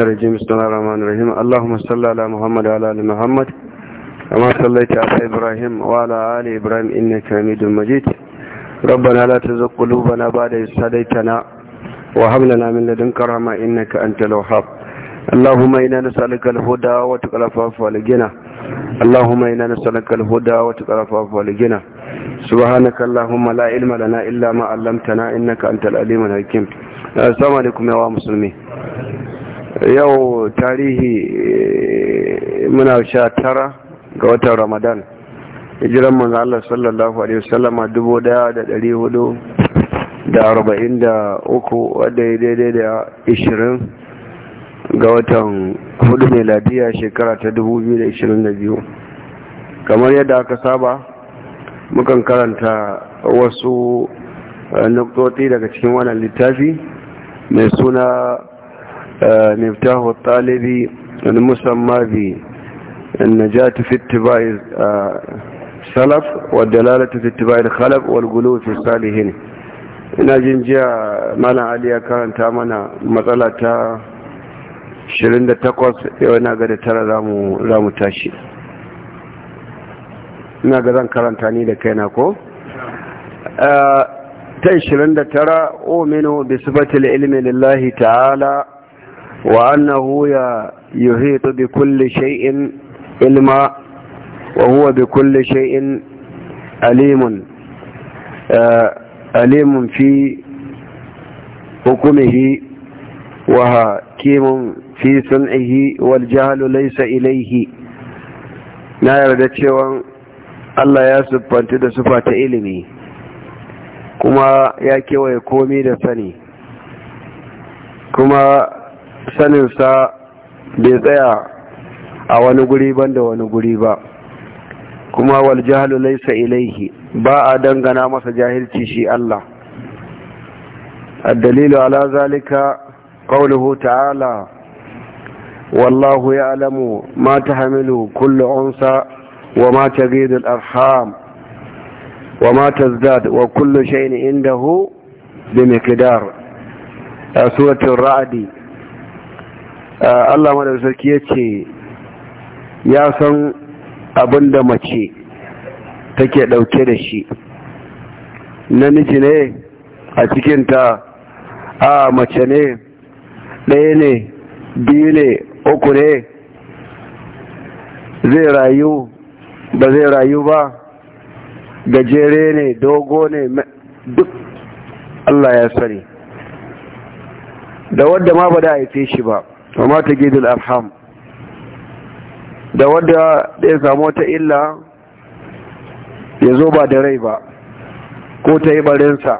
الرجيم بسم الله الرحمن الرحيم اللهم صل على محمد وعلى ال محمد كما صليت على ابراهيم وعلى ال ابراهيم انك حميد مجيد ربنا لا تزغ قلوبنا بعد إذ هديتنا وهب لنا من لدنك رحمة انك انت الوهاب اللهم انا نسالك الهدى وتقى العفاف والغنى اللهم انا نسالك الهدى وتقى العفاف والغنى سبحانك اللهم لا علم لنا الا ما علمتنا انك انت العليم الحكيم السلام عليكم يا مسلمين yau tarihi eh, muna sha tara ga watan ramadan hijiran manzo Allah sallallahu alaihi wasallam dubu daya da dari hudu da arba'in da uku wadda ya daidai da ishirin ga watan hudu meladiya shekara ta dubu biyu da ishirin da biyu kamar yadda aka saba mukan karanta wasu eh, nuktoti daga cikin wannan littafi mai suna مفتاح الطالب المسمى بالنجاة في اتباع السلف والدلالة في اتباع الخلف والغلو في الصالحين ina jin jiya malam ali ya karanta mana matsala ta 28 yau na ga da tara za mu tashi ina ga zan karanta ni da kaina ko ta 29 ominu bi sifatil ilmi lillahi ta'ala وأنه يحيط بكل شيء علما وهو بكل شيء أليم آه، أليم في حكمه وحكيم في صنعه والجهل ليس إليه نعرف تشوان الله يسب أن تدسفة إلمي كما يكي ويكومي دفني كما saninsa bai tsaya a wani guri ban da wani guri ba kuma wal jahalu ilaihi ba a dangana masa jahilci shi Allah الدليل على ذلك قوله تعالى والله يعلم ما تحمل كل أنثى وما تغيد الأرحام وما تزداد وكل شيء عنده بمقدار سورة الرعد Allah madar sarki ya ce ya san abin da mace take ɗauke da shi namiji ne a cikinta a mace ne ɗaya ne biyu ne uku ne zai rayu ba zai rayu ba gajere ne dogo ne duk Allah ya sani da wadda ma ba da haife shi ba wa ma ta gidul arham da wadda ya samu wata illa ya zo ba da rai ba ko ta yi barinsa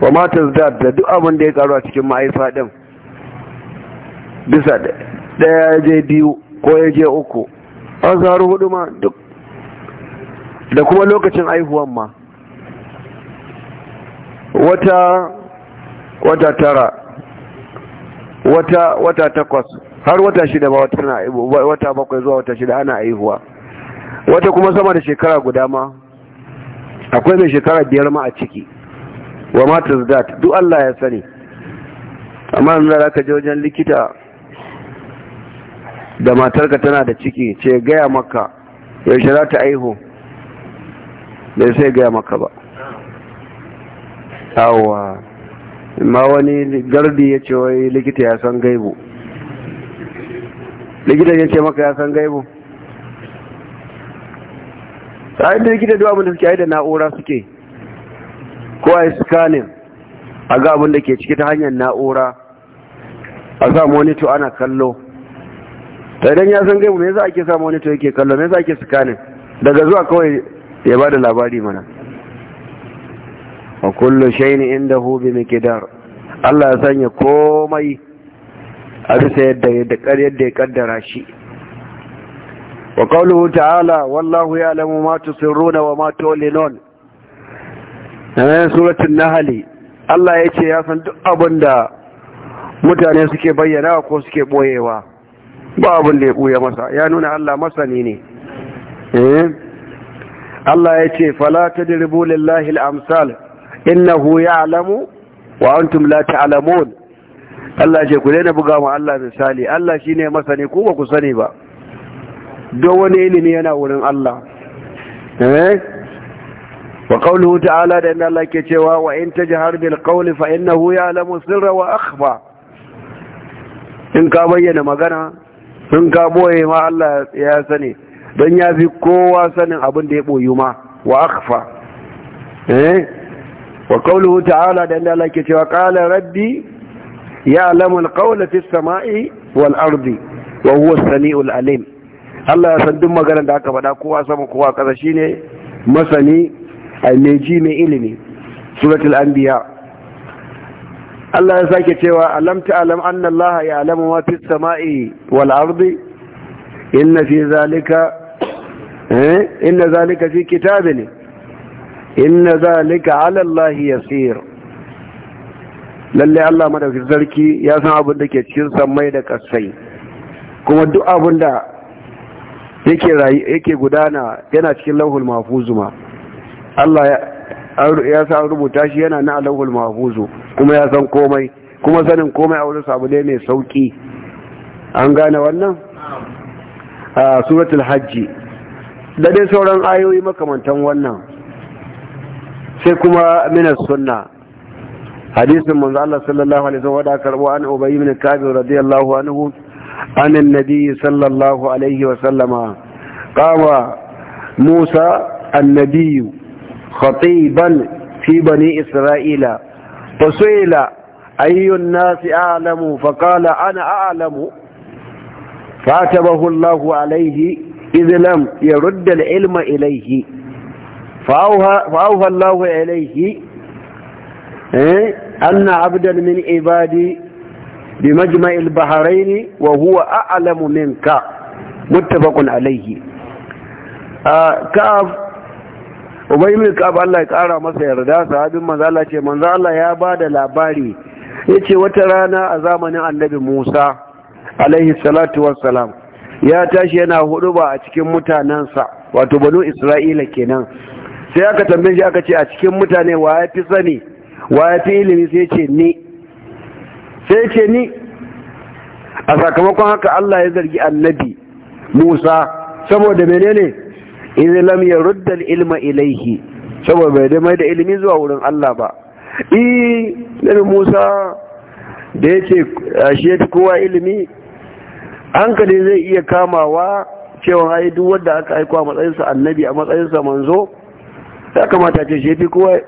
wa ma ta da duk abin da ya karu a cikin ma'aifa ɗin bisa ɗaya je biyu ko ya je uku an zaru hudu ma duk da kuma lokacin aihuwan ma wata wata tara wata wata takwas har wata shida ba wata tana wata bakwai zuwa wata shida ana aihuwa wata kuma sama da shekara guda ma akwai mai shekara biyar ma a ciki wa matas dat duk Allah ya sani amma yanzu da ka je wajen likita da matarka tana da ciki ce gaya maka yaushe za ta aihu bai sai gaya maka ba awa ma wani gardi ya ce wai likita ya san gaibu likita ya ce maka ya san gaibu tsarin da likita duwa da suke aida na'ura suke ko a yi scanning a ga abinda da ke ciki ta hanyar na'ura a sa monitor ana kallo ta idan ya san gaibu me yasa ake sa monitor yake kallo me yasa ake scanning daga zuwa kawai ya ba da labari mana wa kullu shay'in indahu bi miqdar Allah ya sanya komai a bisa yadda yadda ya kaddara shi wa qawluhu ta'ala wallahu ya'lamu ma tusirruna wa ma tu'linun nan suratul nahl Allah ya ce ya san duk abinda mutane suke bayyana ko suke boyewa ba abin da ya buya masa ya nuna Allah masani ne eh Allah ya ce fala tadribu lillahi al-amsal innahu ya'lamu wa antum la ta'lamun Allah ce ku daina buga mu Allah misali Allah shine masani ko ba ku sani ba don wani ilimi yana wurin Allah eh wa qawluhu ta'ala da inna Allah ke cewa wa in tajhar bil qawli fa innahu ya'lamu sirra wa akhfa in ka bayyana magana in ka boye ma Allah ya sani don ya fi kowa sanin abin da ya boyu ma wa akhfa eh wa qawluhu ta'ala da inda Allah ke cewa qala rabbi ya'lamu al-qawla fi as-sama'i wal ardi wa huwa as-sami'ul alim Allah ya san duk maganar da aka faɗa kowa sama kowa ƙasa shine masani ai mai ji mai ilimi suratul anbiya Allah ya sake cewa alam ta'lam anna Allah ya'lamu ma fi as-sama'i wal ardi inna fi zalika eh inna zalika fi kitabin inna zalika ala Allah yasir lalle Allah madaukakin sarki ya san abin da ke cikin sammai da kasai kuma duk abin da yake yake gudana yana cikin lauhul mahfuzu ma Allah ya san rubuta shi yana na lauhul mahfuzu kuma ya san komai kuma sanin komai a wurin sabu ne mai sauki an gane wannan a suratul hajji da dai sauran ayoyi makamantan wannan sai kuma minas sunna hadisin manzo Allah sallallahu alaihi wasallam da karbo an Ubay ibn kabi radiyallahu anhu an annabi sallallahu alaihi wasallama qawa Musa annabi khatiban fi bani Isra'ila fasuila ayyu nasi a'lamu faqala ana a'lamu fatabahu Allah alaihi idh lam yurd al-ilma ilayhi فأوهى الله إليه أن عبدا من عبادي بمجمع البحرين وهو أعلم منك متفق عليه كاف ubai mai kaf Allah ya kara masa yarda sahabin manzo Allah ce manzo Allah ya da labari yace wata rana a zamanin annabi Musa alaihi salatu wassalam ya tashi yana huduba a cikin mutanansa wato banu Isra'ila kenan sai aka tambaye shi aka ce a cikin mutane wa ya fi sani wa ya fi ilimi sai ce ni sai ce ni a sakamakon haka Allah ya zargi annabi Musa saboda menene idan lam yarudda ilma ilaihi saboda bai da mai da ilimi zuwa wurin Allah ba eh nabi Musa da yake ashe kowa ilimi hankali zai iya kamawa cewa ai duk wanda aka aika a matsayinsa annabi a matsayinsa manzo ya kamata ce shi fi kowa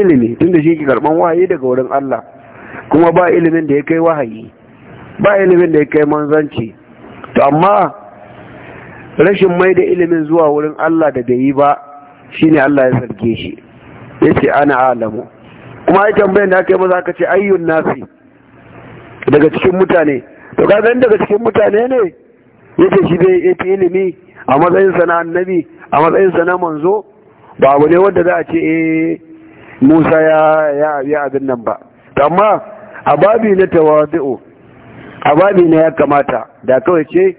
ilimi tunda shi ke karban wahayi daga wurin Allah kuma ba ilimin da ya kai wahayi ba ilimin da ya kai manzanci to amma rashin mai da ilimin zuwa wurin Allah da bai yi ba shine Allah ya sarge shi yace ana alamu kuma ai tambayar da aka yi maza ka ce ayyun nasi daga cikin mutane to ka daga cikin mutane ne yace shi bai yi ilimi a matsayinsa na annabi a matsayinsa na manzo ba abu ne wanda za a ce eh Musa ya yi abin nan ba amma a babi na a babi ya kamata da kawai ce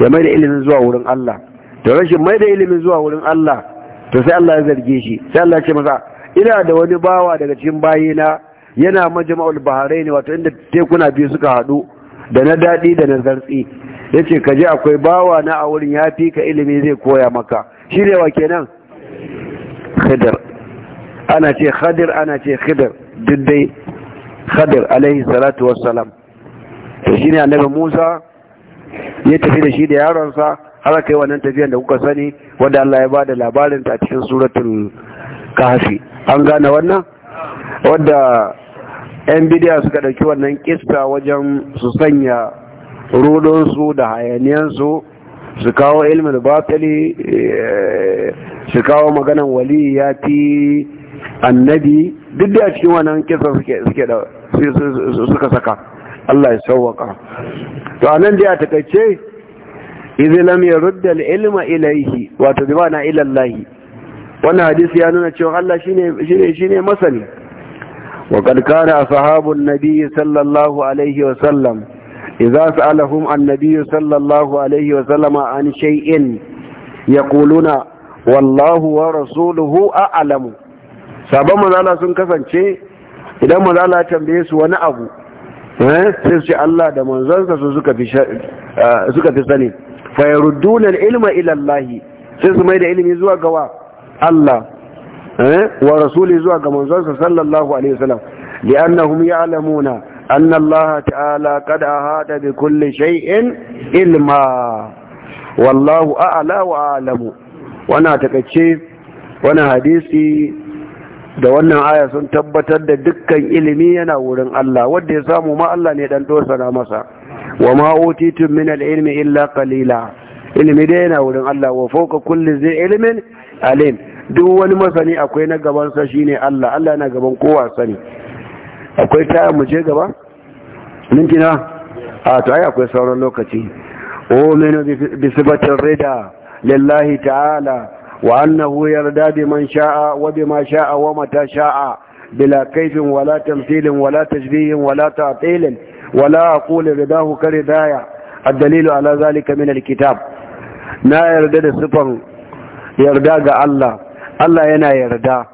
ya mai da ilimin zuwa wurin Allah to rashin mai da ilimin zuwa wurin Allah to sai Allah ya zarge shi sai Allah ya ce masa ina da wani bawa daga cikin bayina yana majma'ul baharaini wato inda tekuna biyu suka hadu da na dadi da na zartsi yace kaje akwai bawa na a wurin ya fi ka ilimi zai koya maka shi ne wa kenan khidr ana ce khadir ana ce khidr duk dai khadir alaihi salatu wassalam to shine annabi Musa ya tafi da shi da yaronsa har kai wannan tafiyar da kuka sani wanda Allah ya bada labarin ta a cikin suratul kahfi an gane wannan wanda yan bidiya suka dauki wannan kista wajen su sanya rudonsu da hayaniyansu su kawo ilmin batali eh, su kawo maganan wali ya fi annabi duk da cikin wannan kisa suke suka saka Allah ya sauwaka to a nan dai a takaice izi lam ya rudda ilma ilaihi wato bi ma'ana ilallahi wannan hadisi ya nuna cewa Allah shine shine masani wa kad kana ashabun nabi sallallahu alaihi wa sallam إذا سألهم النبي صلى الله عليه وسلم عن شيء يقولون والله ورسوله أعلم sabon mazala sun kasance idan mazala ya tambaye su wani abu sai su ce Allah da manzansa su suka fi sani fayaruddunan ilma ilallahi sai su mai ilimi zuwa gawa Allah wa rasuli zuwa ga manzansa sallallahu alaihi ya'lamuna أن الله تعالى قد أهاد بكل شيء علما والله أعلى وأعلم وانا تكتشي وانا حديثي da wannan aya sun tabbatar da dukkan ilimi yana wurin Allah wanda ya samu ma Allah ne dan dosara masa wa ma utitum min al-ilmi illa qalila ilimi dai yana wurin Allah wa fawqa kulli zai ilmin alim duk wani masani akwai na gaban sa shine Allah Allah yana gaban kowa sani akwai taya mu je gaba mintina? a to ai akwai sauran lokaci o meno bi sifatin rida lillahi ta'ala wa annahu yarda bi man sha'a wa bi ma sha'a wa mata sha'a bila kaifin wala tamthilin wala tajbihin wala ta'tilin wala aqulu ridahu ka ridaya ala zalika min من kitab. na yarda da sifan yarda ga Allah Allah yana yarda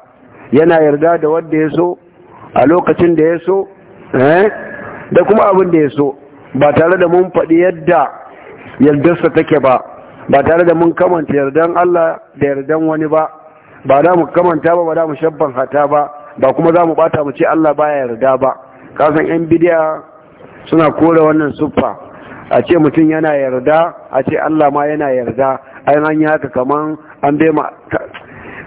yana yarda da wanda ya so a lokacin da ya so eh, da kuma abin da ya so ba tare da mun faɗi yadda yardarsa take ba ba tare da mun kamanta yardan Allah da yardan wani ba ba za mu kamanta ba ba za mu shabban hata ba ba kuma za mu bata mu ce Allah baya yarda ba kasan yan bidiya suna kore wannan sufa, a ce mutum yana yarda a ce Allah ma yana yarda ai an yi haka kaman an bai ma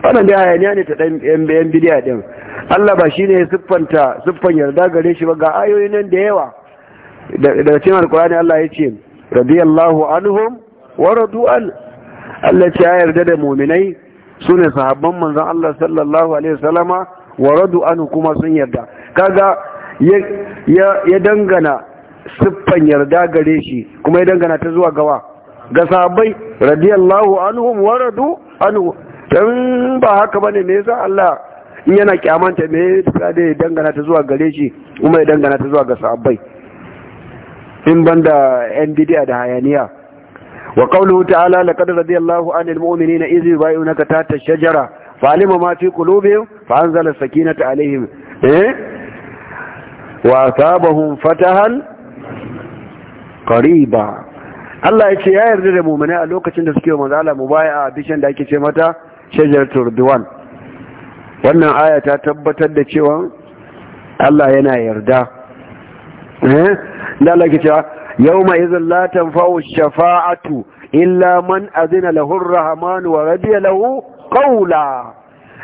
wannan da hayaniya ne ta ɗan yan bidiya din Allah ba shine ya siffanta siffan yarda gare shi ba ga ayoyi nan da yawa daga cikin alkurani Allah ya ce radiyallahu anhum wa radu an Allah ce ya yarda da mu'minai sune sahabban manzon Allah sallallahu alaihi wasallama wa radu an kuma sun yarda kaga ya dangana siffan yarda gare shi kuma ya dangana ta zuwa gawa ga sahabbai radiyallahu anhum wa radu an dan ba haka bane me yasa Allah in yana kyamanta me ya dangana ta zuwa gare shi kuma ya dangana ta zuwa ga sabbai in banda yan bidiya da hayaniya wa qawluhu ta'ala laqad radiyallahu 'anil mu'minina idh yubay'unaka tahta ash-shajara fa'alima ma fi qulubihim fa'anzala as-sakinata 'alayhim eh wa asabahum fatahan qariba Allah ya ce ya yarda da mu'mina a lokacin da suke mu baya a bishan da ake ce mata shajar turduwan wannan aya ta tabbatar da cewa Allah yana yarda eh da Allah ke cewa yawma idhil la tanfa'u shafa'atu illa man azina lahu ar-rahman wa radiya lahu qawla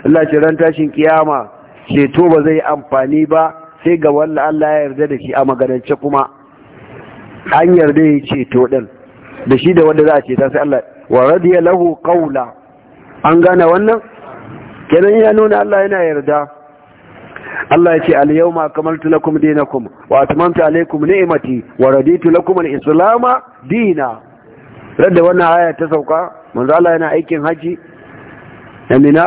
Allah ce ran tashin kiyama ceto ba zai amfani ba sai ga wanda Allah ya yarda da shi a maganance kuma an yarda ya ceto din da shi da wanda za a ta sai Allah wa radiya lahu qawla an gane wannan kenan ya nuna Allah yana yarda Allah ya ce al-yawma akmaltu lakum dinakum wa atmamtu alaykum ni'mati wa raditu lakum al islamu dina radda wannan aya ta sauka manzo Allah yana aikin haji amina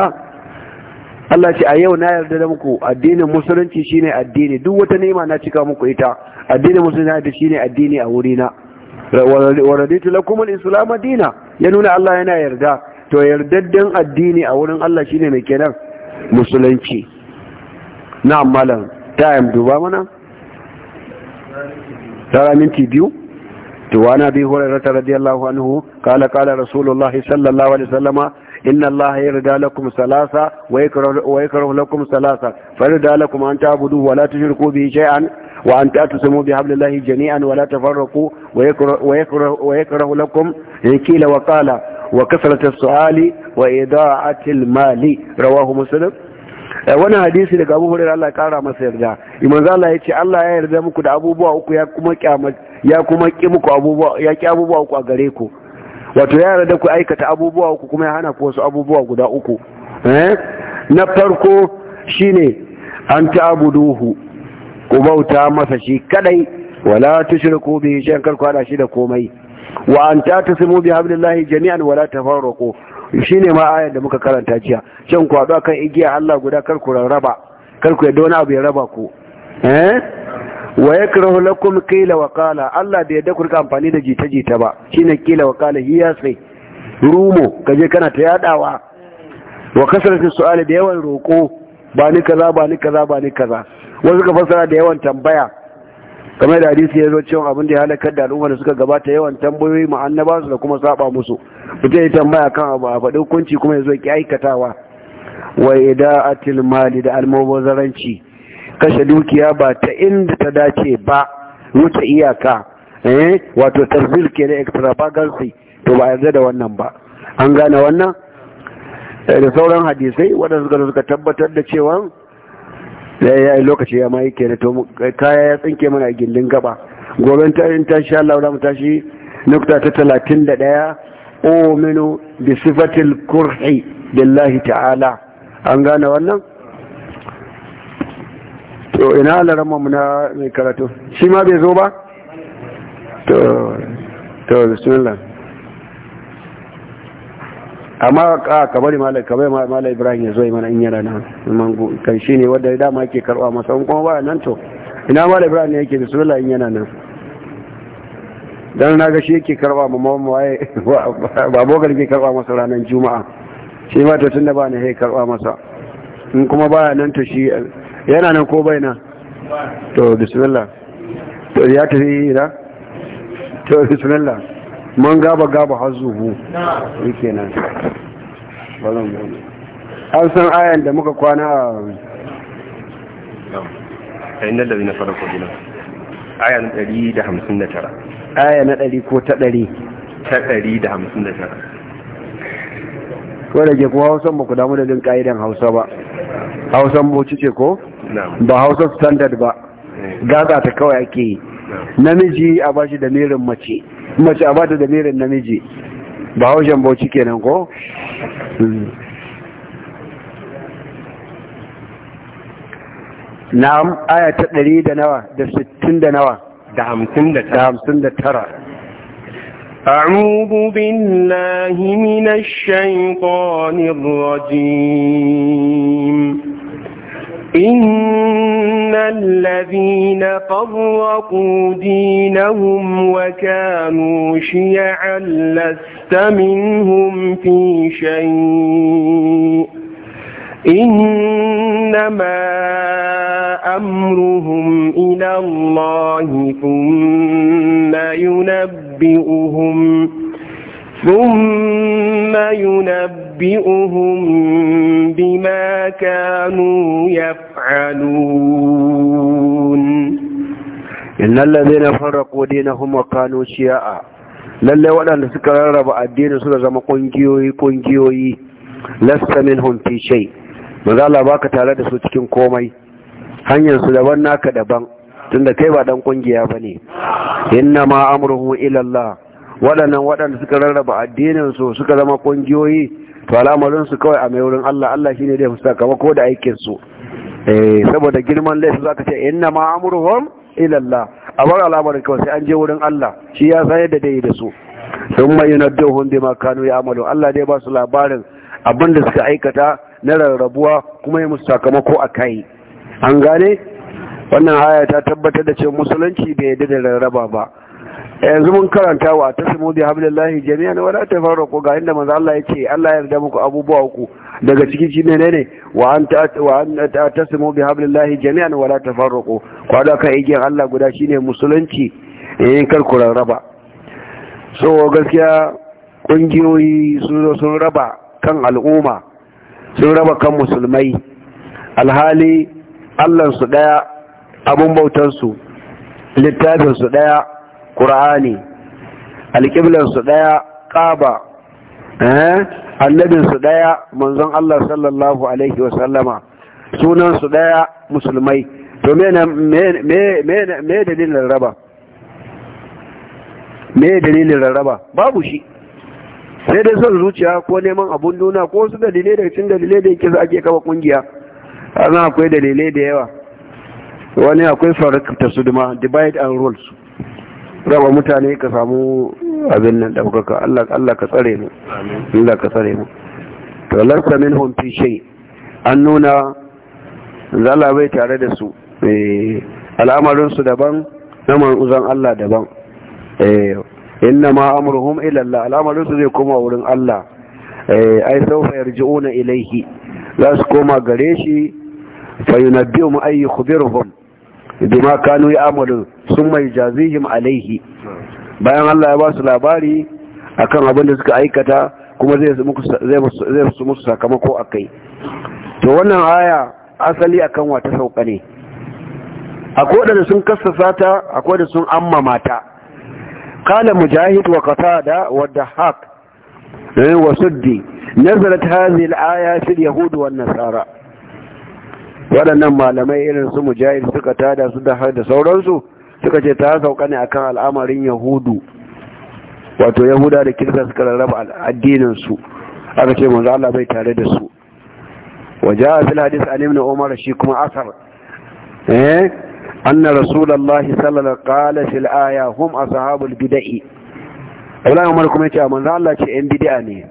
Allah ce a yau na yarda da muku addinin musulunci shine addini duk wata ni'ima na cika muku ita addinin musulunci shine addini a wurina wa raditu lakum al islamu dina ya nuna Allah yana yarda to yardadden addini a wurin Allah shine mai kenan musulunci na malam time duba mana tara minti biyu to wani bi hurairata radiyallahu anhu kala kala rasulullahi sallallahu alaihi wasallama إن الله يرضى لكم ثلاثة ويكره لكم ثلاثة فيرضى لكم أن تعبدوا ولا تشركوا به شيئا وأن تأتسموا بحبل الله جميعا ولا تفرقوا ويكره, ويكره, ويكره لكم قيل وقال wa kasarata su'ali wa رواه mali eh, wani hadisi daga abu hurairar Allah kara masa yarda imam eh, zala ya ce Allah ya yarda muku da abubuwa uku ya kuma ya kuma ki muku abubuwa ya ki abubuwa uku a gare ku wato ya yarda ku aikata abubuwa uku kuma ya hana ku wasu abubuwa guda uku eh, na farko shine an ta'buduhu ku bauta masa shi kadai wala tushriku bi shay'an kar ku hada shi da komai wa an tatasimu bi hablillahi jami'an la tafarruqu shine ma ayar da muka karanta jiya can ku haɗu akan igiya Allah guda kar ku raba kar ku yadda wani abu ya raba ku eh wa yakrahu lakum qila wa qala Allah bai yadda ku rika amfani da jita jita ba shine qila wa qala hiya sai rumo kaje kana ta yadawa wa kasratu su'ali da yawan roko ba ni kaza ba ni kaza ba ni kaza wasu ka fassara da yawan tambaya kamar da hadisi ya zo cewa abin da ya halakar da al'umma da suka gabata yawan tambayoyi ma annaba su da kuma saba musu mutum ya tambaya kan abu a faɗi hukunci kuma ya zo ki aikatawa wa ida'atil mali da almubazaranci kashe dukiya ba ta inda ta dace ba wuce iyaka eh wato tarzil ke da extravagancy to ba yarda da wannan ba an gane wannan eh, da sauran hadisai waɗanda suka tabbatar da cewa ya yi lokaci ya mai kenan to kaya ya tsinke mana gindin gaba gobe ta in ta sha Allah mu tashi nukta ta 31 uminu bi sifatil kurhi billahi ta'ala an gane wannan to ina Allah mu na mai karatu shi ma bai zo ba to to bismillah amma ka ka bari malai ka bai malai ibrahim ya zo mana in yana nan mango kan shine wanda ya dama yake karba masa in kuma ba nan to ina malai ibrahim ne yake bismillah in yana nan dan na ga shi yake karba ma mu waye ba bogar yake karba masa ranar juma'a shi ma to tunda ba ne yake karba masa in kuma ba nan to shi yana nan ko bai nan to bismillah to ya tafi da to bismillah man gaba gaba har zuhu yake nan an san ayan da muka kwana a inda da na zina farko gina aya na 159 aya na 100 ko ta 100 ta 159 ko da ke kuma hausan ba ku damu da jin ka'idan hausa ba hausan boci ce ko ba hausa standard ba eh. gaza ta kawai ake yi namiji a bashi da mirin mace mace a bata da mirin namiji ba haushen bauchi kenan ko na'am aya ta ɗari da nawa da sittin da nawa da hamsin da tara أعوذ بالله من الشيطان الرجيم إن الذين فرقوا دينهم وكانوا شيعا لست منهم في شيء إنما أمرهم إلى الله ثم ينبئهم ثم ينبئهم بما كانوا يفعلون يفعلون إن الذين فرقوا دينهم وكانوا شياء للي waɗanda suka rarraba الدين سورة da zama ƙungiyoyi ƙungiyoyi منهم في شيء shay mazala baka tare da su cikin komai hanyar su daban naka daban tunda kai ba dan ƙungiya bane inna ma amruhu ila Allah waɗannan waɗanda suka rarraba addinin su suka zama ƙungiyoyi to al'amarin su kawai a mai wurin Allah Allah shine zai fuska kamar ko da aikin su Eh, saboda girman laifi zaka ce inna ma amruhum ilalla. bar abar alamar kawai sai an je wurin Allah shi ya san da dai da su thumma yunadduhum ma kanu amalu Allah dai ba su labarin abin da suka aikata na rarrabuwa kuma ya musu sakamako a kai an gane wannan haya ta tabbatar da ce musulunci bai yadda da rarraba ba yanzu mun karanta wa ta samu bi hablillahi jami'an wala tafarraqu ga inda manzo Allah yace Allah ya yarda muku abubuwa uku daga cikin shi ne ne wa an ta wa an ta samu bi hablillahi jami'an wala tafarraqu ko da ka igiyar Allah guda shine musulunci in eh, kar ku raba so gaskiya kungiyoyi sun sun raba kan al'umma sun raba kan musulmai alhali Allah su daya abun bautar su littafin su daya ƙura'ani alƙiblarsu ɗaya ƙaba eh? annabinsu ɗaya manzon Allah sallallahu alaihi wasallama sunansu ɗaya musulmai to me dalilin raba me dalilin rarraba babu shi sai dai son zuciya ko neman abun duna ko su dalilai da cin dalilai da yake ake kaba kungiya ana akwai dalilai da yawa wani akwai farakta ta su duma divide and rules raba mutane ka samu abin nan daukaka Allah ka tsare mu Allah ka tsare mu to lasta minhum fi shay an nuna zalla bai tare da su eh, al'amarin su daban na manzon Allah daban eh inna ma amruhum ila Allah al'amarin su zai koma wurin Allah eh ai sawfa yarji'una ilayhi za su koma gare shi fa yunabbi'u ayyukhbiruhum bima kanu ya sun mai jazihim alaihi bayan Allah ya ba su labari akan abin da suka aikata kuma zai su musu sakamako a kai to wannan aya asali akan wata sauka ne akwai da sun kassasa ta akwai da sun mata. ta kala mujahid wa qatada wa dahaq eh, wa suddi nazalat hadhihi al-aya fil yahud wan nasara waɗannan malamai irin su mujahid suka tada su da har da sauransu suka ce ta sauka ne akan al'amarin yahudu wato yahuda da kirista suka rarraba su aka ce manzo Allah bai tare da su waja fil hadith an ibn umar shi kuma asar eh anna rasulullahi sallallahu alaihi wa sallam hum ashabul bid'ah Abdullahi Umar kuma yace manzo Allah ce yan bid'a ne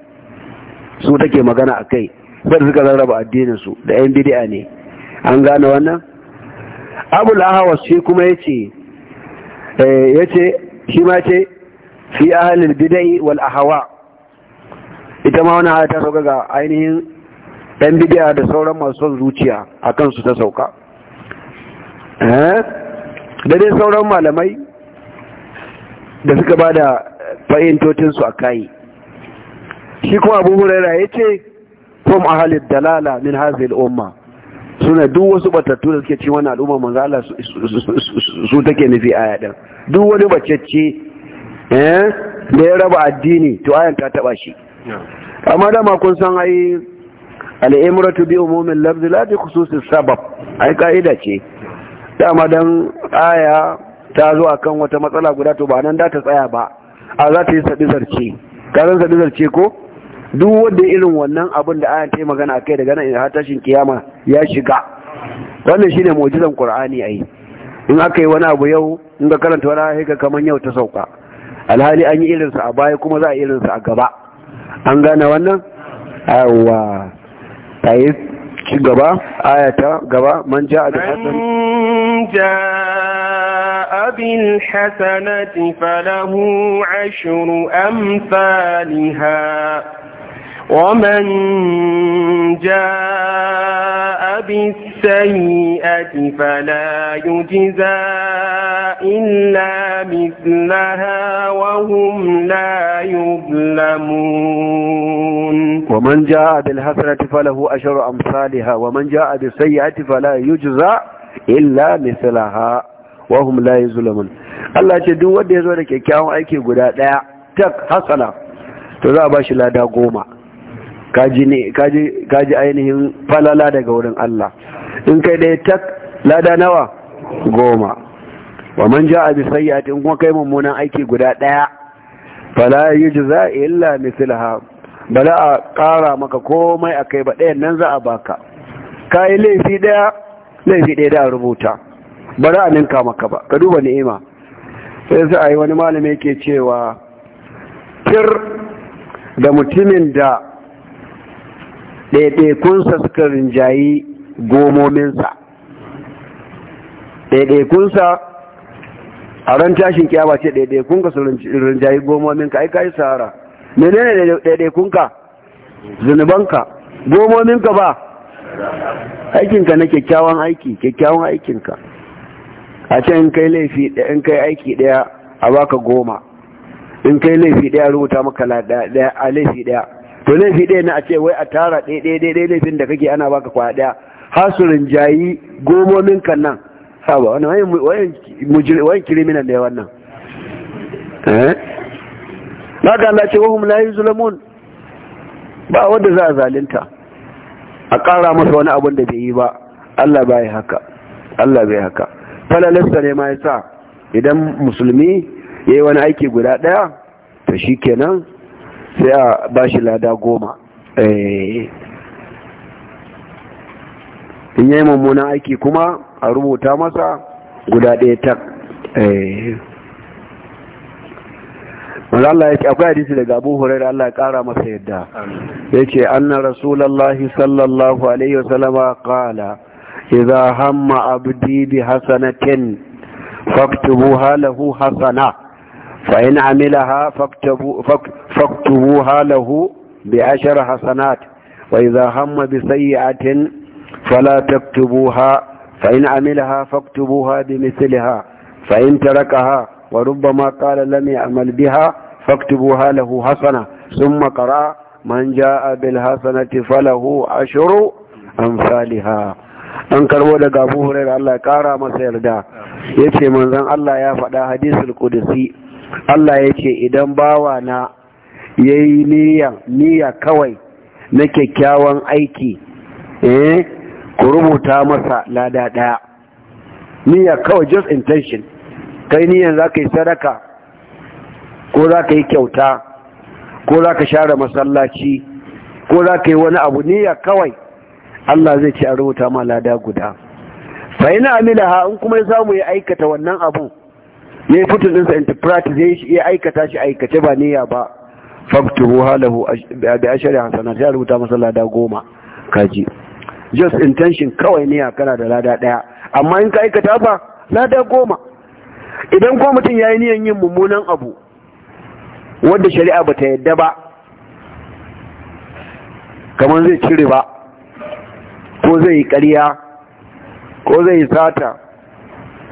su take magana akai sai suka rarraba addinin su da yan bid'a ne an gane wannan abul shi kuma ya ce, eh, ya ce shi ma ce fi ahlil bidai wal ahwa ita ma wani ta sauka ga ainihin ɗan bid'a da sauran masu son zuciya a kansu ta sauka eh, da dai sauran malamai da suka ba da fahimtocinsu a kayi shi kuma abu huraira ya ce kum ahalid dalala min hazil umma suna duk wasu batattu da suke ci wani al'umma manzo Allah su take nufi aya din duk wani bacacce eh da ya raba addini to ayan ta taba shi amma da ma kun san ai al-imratu bi umumin lafzi la bi khususi sabab ai ka'ida ce dama dan aya ta zo akan wata matsala guda to ba nan da ta tsaya ba a za ta yi sadizarce ka san sadizarce ko duk wanda irin wannan abin da ayan tai yi magana kai daga nan har tashin kiyama ya shiga wannan shine mu'jizan qur'ani ai in aka yi wani abu yau in ka karanta wani ayyuka kaman yau ta sauka alhali an yi irinsa a baya kuma za a yi irinsa a gaba an gane wannan yawa ta yi ci gaba ayata gaba man ja'a bil hasan ja'a bil hasanati falahu ashru amsalha ومن جاء بالسيئة فلا يجزى إلا مثلها وهم لا يظلمون ومن جاء بالحسنة فله أشر أمثالها ومن جاء بالسيئة فلا يجزى إلا مثلها وهم لا يظلمون الله ce ودي wanda ya zo da kyakkyawan aiki guda ɗaya tak hasana to za kaji ainihin falala daga wurin Allah in kai dai tak lada nawa goma wa man ja'a bi sayyi'atin kuma kai mummunan aiki guda daya fala yujza illa mithlaha bala a kara maka komai akai ba dayan nan za a baka Ka yi laifi ɗaya laifi daya da rubuta Bari a ninka maka ba ka duba ni'ima sai a yi wani malami yake cewa kir da mutumin da ɗaiɗaikunsa suka rinjayi gomominsa ɗaiɗaikunsa a ran tashin kyawa ce ɗaiɗaikunka su rinjayi gomominka ai yi sahara menene ɗaiɗaikunka zunubanka gomominka ba aikinka na kyakkyawan aiki kyakkyawan aikinka a ce in kai laifi in kai aiki ɗaya a baka goma in kai laifi ɗaya rubuta maka a laifi ɗaya to laifi ɗaya na a ce wai a tara ɗaya ɗaya ɗaya laifin da kake ana baka kwa ɗaya hasurin jayi gomomin kan nan saba wani wayan kiriminal ne wannan eh? na ga Allah ce wahum la yuzlamun ba wanda za a zalunta a ƙara masa wani abin da bai yi ba Allah bai haka Allah bai haka ne ma ya sa idan musulmi yayi wani aiki guda ɗaya to kenan. sai a ba shi lada goma eh. in yi mummunan aiki kuma a rubuta masa guda ɗaya tak wanda eh. Allah ya ce akwai hadisi daga abu da Allah ya ƙara masa yadda ya ce na rasulallahi sallallahu alaihi wasallama ƙala Iza hamma abdi bi hasanatin faktubu halahu hasana fa in amilaha faktubu فاكتبوها له بعشر حسنات وإذا هم بسيئة فلا تكتبوها فإن عملها فاكتبوها بمثلها فإن تركها وربما قال لم يعمل بها فاكتبوها له حسنة ثم قرأ من جاء بالحسنة فله عشر أمثالها an karbo daga abu hurairu Allah kara masa yarda ya ce manzon Allah ya faɗa hadisul kudusi Allah ya ce idan bawa na ya yi niyya kawai na kyakkyawan aiki eh ku rubuta masa lada ɗaya niyya kawai just intention kai niyyan za ka yi sadaka ko za ka yi kyauta ko za ka share masallaci ko za ka yi wani abu niyya kawai Allah zai ce a rubuta ma lada guda fa ina amila ha in kuma ya samu ya aikata wannan abu ya yi fitin ɗinsa into practice ya aikata shi aikace ba niyya ba faktubu halahu bi ashari hasanat ya rubuta masa lada goma kaji just intention kawai ne kana da lada daya amma in ka aikata ba lada goma idan ko mutum yayi niyan yin mummunan abu wanda shari'a bata yadda ba kamar zai cire ba ko zai yi ƙarya ko zai yi sata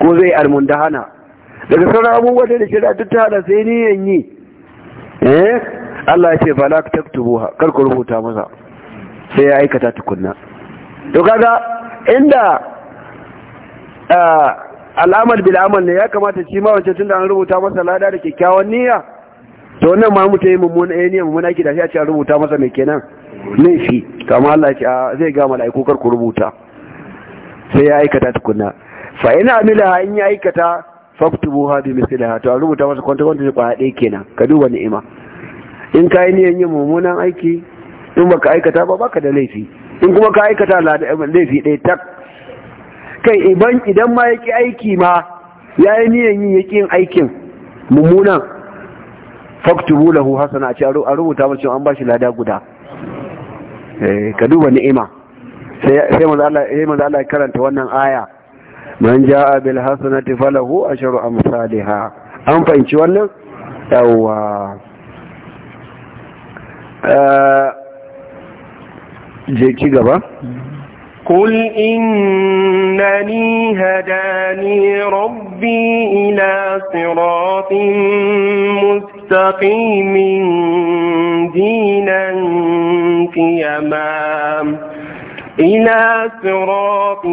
ko zai yi almundahana daga sauran abubuwa da shari'a duk ta hada sai niyan yi eh Allah ya ce fala taktubuha kar ku rubuta masa sai ya aikata tukunna to kaga inda al'amal bil amal ne ya kamata shi ma wancan tunda an rubuta masa lada da kyakkyawan niyya to wannan ma tayi mummuna eh niyya mummuna aiki da shi a ce an rubuta masa mai kenan laifi kama Allah ya ce zai ga mala'iku kar ku rubuta sai ya aikata tukunna fa ina amila in ya aikata faktubuha bi mislaha to a rubuta masa kwanta kwanta ne kwa kenan ka duba ni'ima in ka yi niyan yin mummunan aiki in baka aikata ba baka da laifi in kuma ka aikata laifi ɗaya tak kai iban idan ma yaki aiki ma ya yi niyan yin yaƙin aikin mummunan faktubu lahu hasana a ce a rubuta mace an bashi lada guda eh, ka duba ni'ima sai manzo Allah ya karanta wannan aya man jaa bil hasanati falahu ashru amsalha an fahimci wannan yawwa آه، جيكي ki قل إنني هداني ربي إلى صراط مستقيم دينا قيما إلى صراط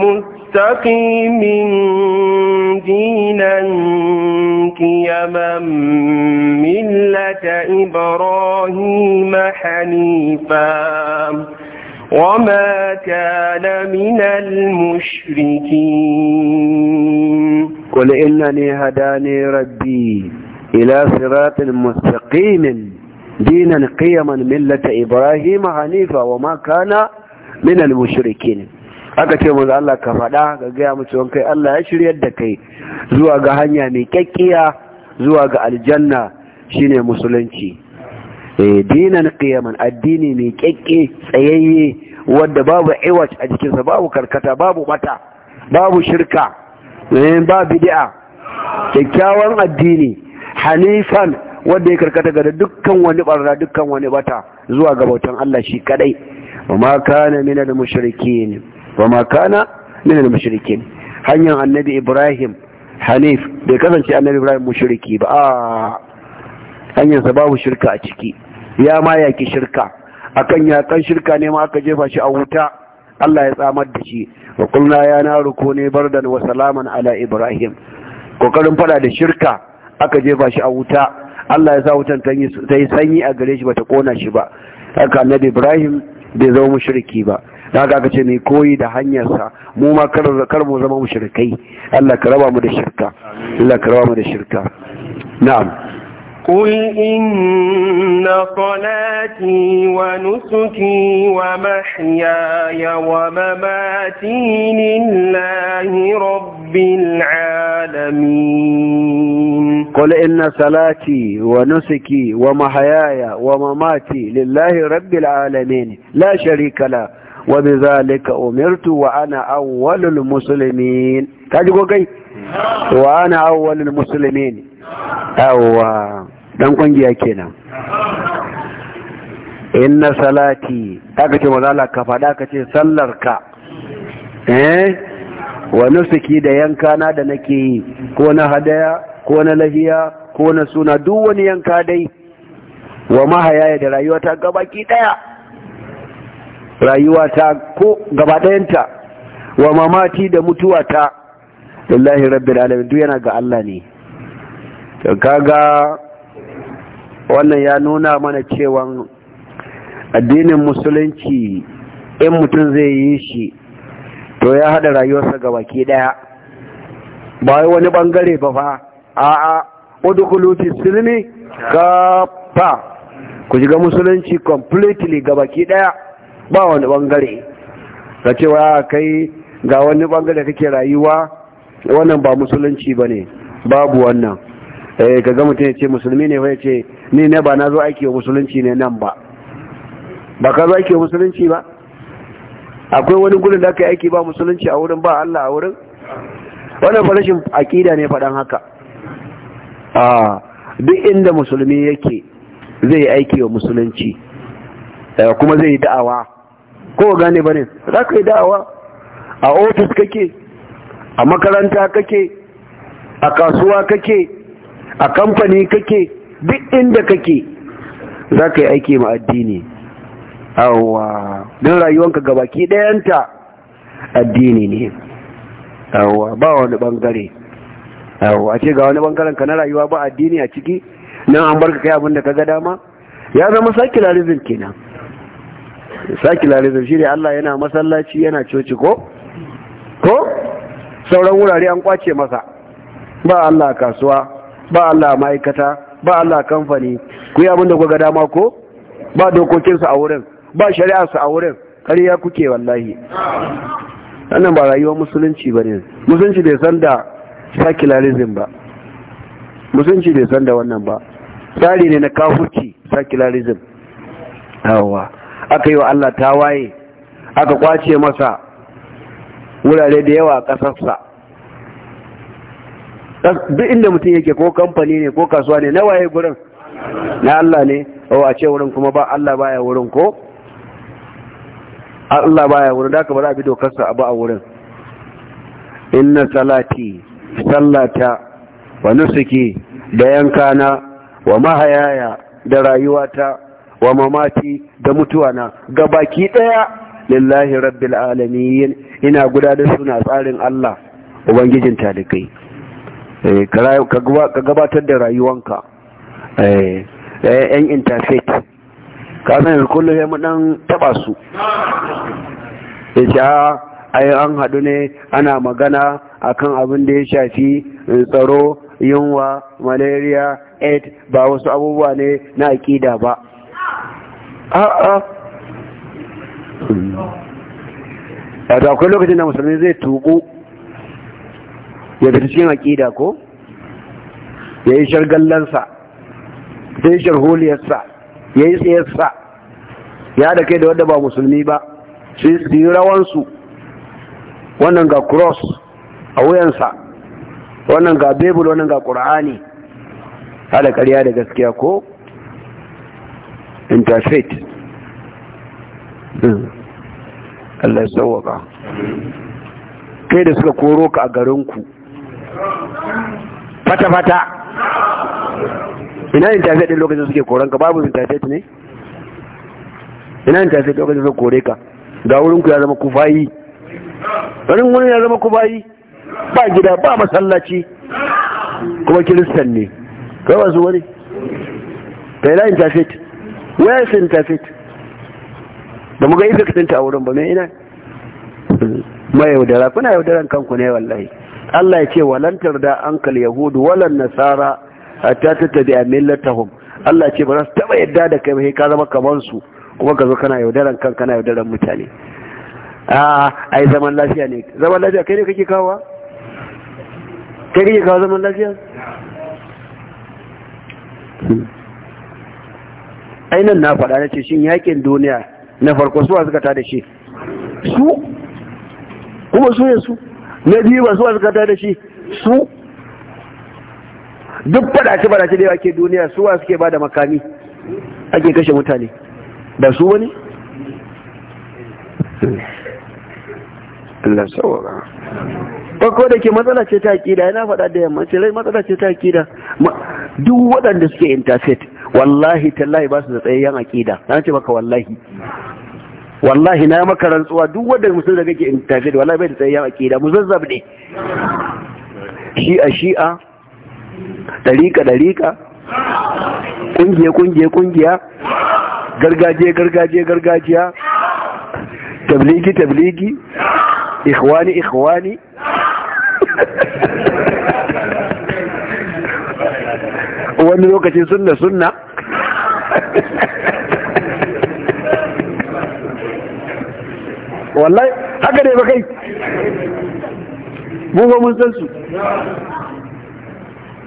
مستقيم مستقيم دينا قيما ملة إبراهيم حنيفا وما كان من المشركين قل إنني هداني ربي إلى صراط مستقيم دينا قيما ملة إبراهيم حنيفا وما كان من المشركين aka ce manzo Allah ka faɗa ga gaya mu cewa kai Allah ya shiryar da kai zuwa ga hanya mai kyakkiya zuwa ga aljanna shine musulunci eh dinan qiyaman addini mai kyakke tsayayye wanda babu iwaj a jikinsa babu karkata babu bata babu shirka eh ba bid'a kyakkyawan addini hanifan wanda ya karkata ga dukkan wani barra dukkan wani bata zuwa ga bautan Allah shi kadai wa ma kana minal wa ma kana min mushrikin hanyar annabi ibrahim hanif bai kasance annabi ibrahim mushriki ba a ah, hanyarsa babu shirka a ciki ya ma yaki shirka akan yakan shirka ne ma aka jefa shi a wuta Allah ya tsamar da shi wa kulna ya na ko ne bardan wa salaman ala ibrahim kokarin fada da shirka aka jefa shi a wuta Allah ya sa wutan ta yi sanyi a gare shi bata kona shi ba haka annabi ibrahim bai zama mushriki ba da kace ne koyi da hanyar sa mu ma kar mu zama mushrikai Allah ka raba mu da shirka Allah ka raba mu da shirka na'am قل إن صلاتي ونسكي ومحياي ومماتي لله رب العالمين قل إن صلاتي ونسكي ومحياي ومماتي لله رب العالمين لا شريك له wa bi zalika umirtu wa ana awwalul muslimin kaji ko kai wa ana awwalul muslimin awwa dan kungiya kenan inna salati aka ce mazala ka fada ka ce ka eh wa nusuki da yanka na da nake yi ko na hadaya ko na lahiya ko na suna duk wani yanka dai wa mahaya da rayuwa ta gabaki daya rayuwata ko gabaɗayanta wa mamati da mutuwa lillahi rabbil alamin duk yana ga Allah ne to kaga wannan ya nuna mana cewa addinin musulunci in mutum zai yi shi to ya hada rayuwarsa ga baki daya ba wani bangare ba fa a'a udkhulu fi silmi kafa ku shiga musulunci completely ga baki daya ba wani bangare ka cewa kai ga wani bangare kake rayuwa wannan ba musulunci ba ne babu wannan eh, ka ga mutum ya ce musulmi ne ya ce ni ne ba na zo aiki wa musulunci ne nan ba ba ka zo aiki wa musulunci ba akwai wani gudun da ka yi aiki ba musulunci a wurin ba Allah a wurin wannan fa rashin aƙida ne faɗan haka a duk inda musulmi yake zai aiki wa musulunci eh, kuma zai yi da'awa ko gane bane za ka yi da'awa a ofis kake a makaranta kake a kasuwa kake a kamfani kake duk inda kake za ka yi aiki ma addini awa don rayuwanka gabaki ɗayanta addini ne awa ba wani bangare awa a ce ga wani bangaren ka na rayuwa ba addini a ciki nan an barka kai abin da ka ga dama ya zama sakilarizm kenan shi ne Allah yana masallaci yana coci ko ko sauran wurare an kwace masa ba Allah kasuwa ba Allah ma'aikata ba Allah kamfani ku yi abin da kuka dama ko ba dokokinsu a wurin ba shari'arsu a wurin ƙarya kuke wallahi wannan ba rayuwar musulunci ba ne musulunci bai san da sakilarizm ba musulunci bai san da wannan ba tsari ne na kafurci sakilarizm awa. aka yi wa Allah ta waye aka kwace masa wurare da yawa a ƙasarsa duk inda mutum yake ko kamfani ne ko kasuwa ne na waye gurin na Allah ne o a ce wurin kuma ba Allah baya wurin ko Allah baya wurin da ka ba a bi dokarsa ba a wurin inna salati sallata wa nusuki da yankana wa mahayaya da rayuwata wa mamati da mutuwa na gabaki daya lillahi rabbil alamin ina gudanar suna tsarin Allah ubangijin talikai eh, ka gabatar da rayuwanka eh, eh, yan interfaith ka san kullum ya dan taba su ya ah, ai an haɗu ne ana magana akan abin da ya shafi tsaro yunwa malaria AIDS? ba wasu abubuwa ne na aƙida ba a'a wato akwai lokacin da musulmi zai tuku ya fi cikin aƙida ko ya yi shargallansa ya yi sharholiyarsa ya yi tsayarsa ya da kai da wadda ba musulmi ba su yi rawansu wannan ga cross a wuyansa wannan ga bebul wannan ga ƙur'ani haɗa ƙarya da gaskiya ko interfaith hmm. Allah ya sauwaka kai da suka koro ka a garinku fata-fata ina interfaith ɗin lokacin suke koron ka babu interfaith ne ina interfaith lokacin suka kore ka ga wurinku ya zama kufayi wani wani ya zama kufayi ba gida ba masallaci kuma kiristan ne kai wasu wani yi na interfaith Waya sun tafi da muga effectin ta a wurin ba mai ina mai yaudara kuna yaudaran kanku ne wallahi Allah ya ce walantar da ankal yahudu walan nasara ta tattabi a millatahum Allah ya ce ba za su taba yadda da kai ba ka zama kamar su kuma ka zo kana yaudaran kan kana yaudaran mutane ah ai zaman lafiya ne zaman lafiya kai ne kake kawo kai kake kawo zaman lafiya hmm. ainihin na faɗa na ce shin yakin duniya na farko suwa suka tada shi su kuma su ne su na biyu ba suwa suka tada shi su duk faɗace faɗace da yawa ke duniya suwa suke ba da makami ake kashe mutane da su wani Allah saurara farko da ke matsala ce ta akida yana faɗa da yamma ce rai matsala ce ta akida duk waɗanda suke interfet wallahi tallahi ba su da tsayayyen aƙida na ce maka wallahi wallahi na maka rantsuwa duk wanda musulun da kake interfere wallahi bai da tsayayyen aƙida mu zazzab ne shi'a shi'a ɗariƙa ɗariƙa ƙungiya ƙungiya ƙungiya gargajiya gargajiya gargajiya tabligi tabligi ikhwani ikhwani wani lokacin sunna sunna wallai haka ne ba kai mun san su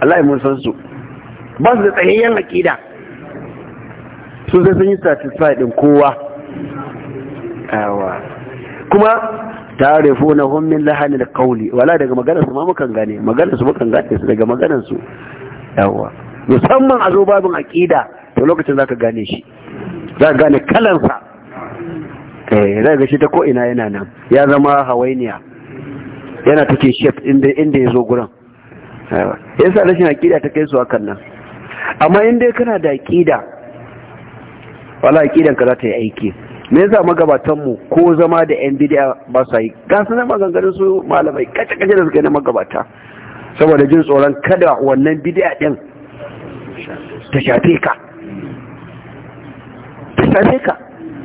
wallahi mun san su ba su da tsayayyen aƙida su zai sun yi satisfied din kowa awa kuma tarifuna hum min lahanin kauli wala daga maganarsu ma mukan gane Maganarsu su mukan gane su daga maganarsu. su yawa musamman a zo babin aƙida to lokacin za ka gane shi za ka gane kalansa eh, za ga shi ta ko'ina yana nan ya zama hawainiya yana take shef inda ya zo guran eh, ya sa rashin aƙida ta kai su kan nan amma inda kana da aƙida wala aƙidan ka za ta yi aiki me yasa magabatanmu ko zama da yan bidiya ba su yi ga su na maganganun su malamai kace kace da suka na magabata saboda jin tsoron kada wannan bidiya din ta shafe ka ta shafe ka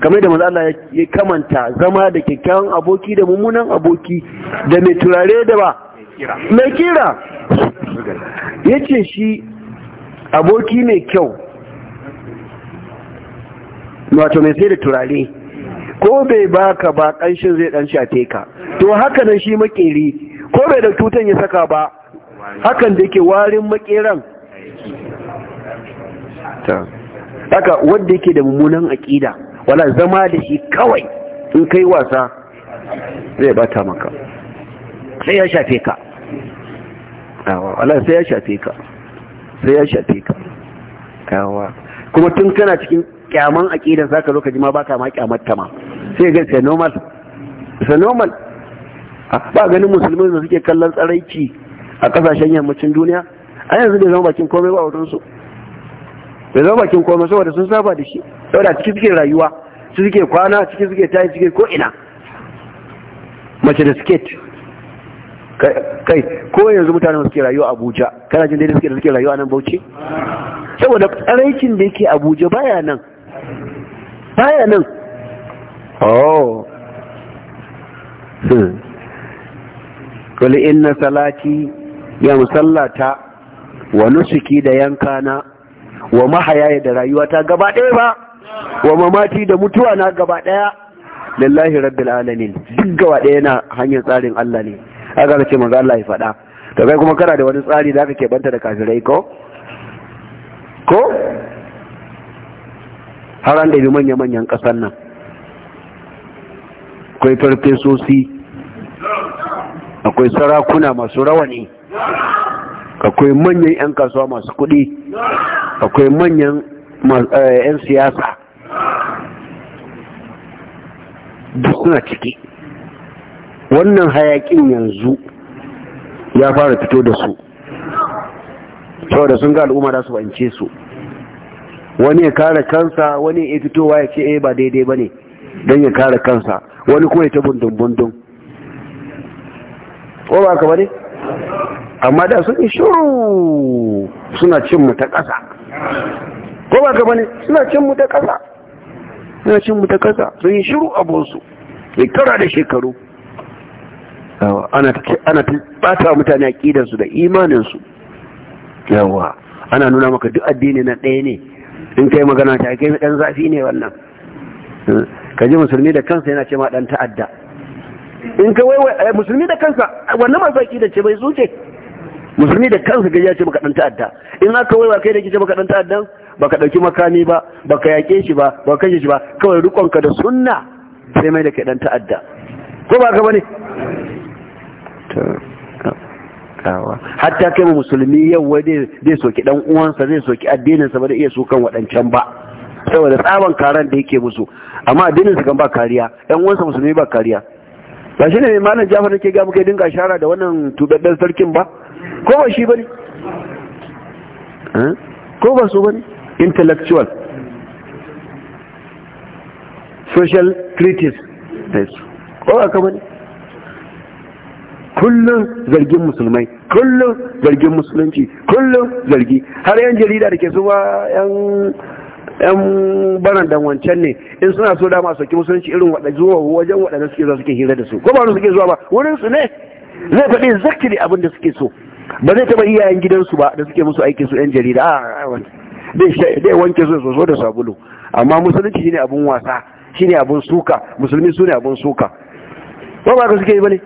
kamar da Allah ya kamanta zama da kyakkyawan aboki da mummunan aboki da mai turare da ba mai kira ya ce shi aboki mai kyau wato mai sai da turare ko bai baka ba ƙanshin zai ɗan shafe ka to haka nan shi makeri ko bai da tutan ya saka ba hakan da ke warin makeran haka wanda yake da mummunan aƙida wala zama da shi kawai in kai wasa zai bata maka sai ya shafe ka wala sai ya shafe ka sai ya shafe ka yawa kuma tun kana cikin kyaman aƙidan zaka ka lokaci ma baka ma kyamar ta ma sai ga sai normal sai normal ah, ba ganin musulmi da suke kallon tsaraici a kasashen yammacin duniya a yanzu da zama bakin komai ba wurin su da zama bakin komai saboda sun saba da shi saboda ciki suke rayuwa su suke kwana ciki suke tayi suke ko ina mace da skate kai ko yanzu mutanen suke rayuwa Abuja kana jin daidai suke da suke rayuwa nan Bauchi saboda tsaraicin da yake Abuja baya nan baya nan oh hmm. kuli inna salati ya musallata wa nusuki da yankana wa mahayaya da rayuwata gaba ɗaya ba wa mamati da mutuwa na gaba ɗaya lillahi rabbil alamin duk gaba ɗaya na hanyar tsarin Allah ne aka ce manzo Allah ya faɗa to kai kuma kana da wani tsari da kake banta da kafirai ko ko har an ɗabi manya-manyan ƙasar nan akwai farfesosi akwai sarakuna masu rawani akwai manyan 'yan kasuwa masu kuɗi akwai manyan 'yan eh, siyasa duk suna ciki wannan hayakin yanzu ya fara fito da su saboda sun ga al'umma da su bance su wani ya kare kansa wani ya fitowa ya ce eh ba daidai ba ne don ya kare kansa wani kuma ya ta bundun bundun ko ba ka ba ne amma da sun shiru suna cin mu ta ƙasa ko ba gaba ne suna cin mu ta ƙasa suna cin mu ta ƙasa sun yi shiru abinsu shekara da shekaru ana bata mutane aƙidansu da imaninsu yawa ana nuna maka duk addini na ɗaya ne in kai magana ta kai ɗan zafi ne wannan kaji musulmi da kansa yana ce ma ɗan ta'adda in ka wai eh, musulmi da kansa wannan masu aƙidar ce bai zuce musulmi da kansa gari ya ce baka dan ta'adda in aka waiwa kai da kice baka dan ta'addan baka dauki makami ba baka yake shi ba baka kashe shi ba kawai rikonka da sunna sai mai da kai dan ta'adda ko ba ka bane hatta kai mu musulmi yau wai zai soki dan uwansa zai soki addinin sa ba da iya sukan wadancan ba saboda tsaban karan da yake musu amma addinin sa kan ba kariya yan uwansa musulmi ba kariya ba shine mai malam Jafar ke ga muke dinga shara da wannan tubaddan sarkin ba ko ba shi bane eh? ko ba su bane intellectual social critics ko ba ka bane kullum zargin musulmai kullum zargin musulunci kullum zargi har yan jarida da ke zuwa yan yan da wancan ne in suna so dama sauki musulunci irin wadda zuwa wajen waɗanda suke zuwa suke hira da su ko ba suke zuwa ba wurin su ne zai faɗi zakiri abin da suke so ba zai taba iyayen gidansu ba da suke musu aikinsu su yan jarida a ah, dai ah, wanke su soso da sabulu amma musulunci shine abun wasa shine abun suka musulmi sune abun suka ba ba ka suke yi ba ne?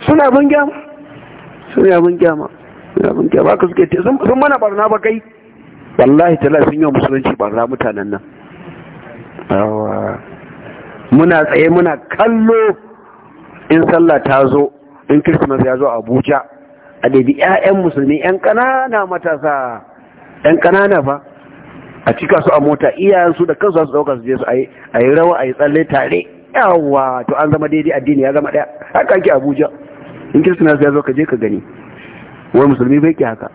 suna abun gyama suna abun gyama suna abun gyama ka suke sun mana barna ba kai wallahi tala sun yi wa musulunci barna mutanen nan muna tsaye muna kallo in sallah ta zo in kirsimas ya zo abuja a ɗabi 'ya'yan musulmi 'yan ƙanana matasa 'yan ƙanana ba a cika su a mota iyayensu da kansu su ɗauka su je su a yi rawa a yi tsalle tare yawa to an zama daidai addini ya zama ɗaya haka ake abuja in kiristana ya zo ka je ka gani Wani musulmi bai ke haka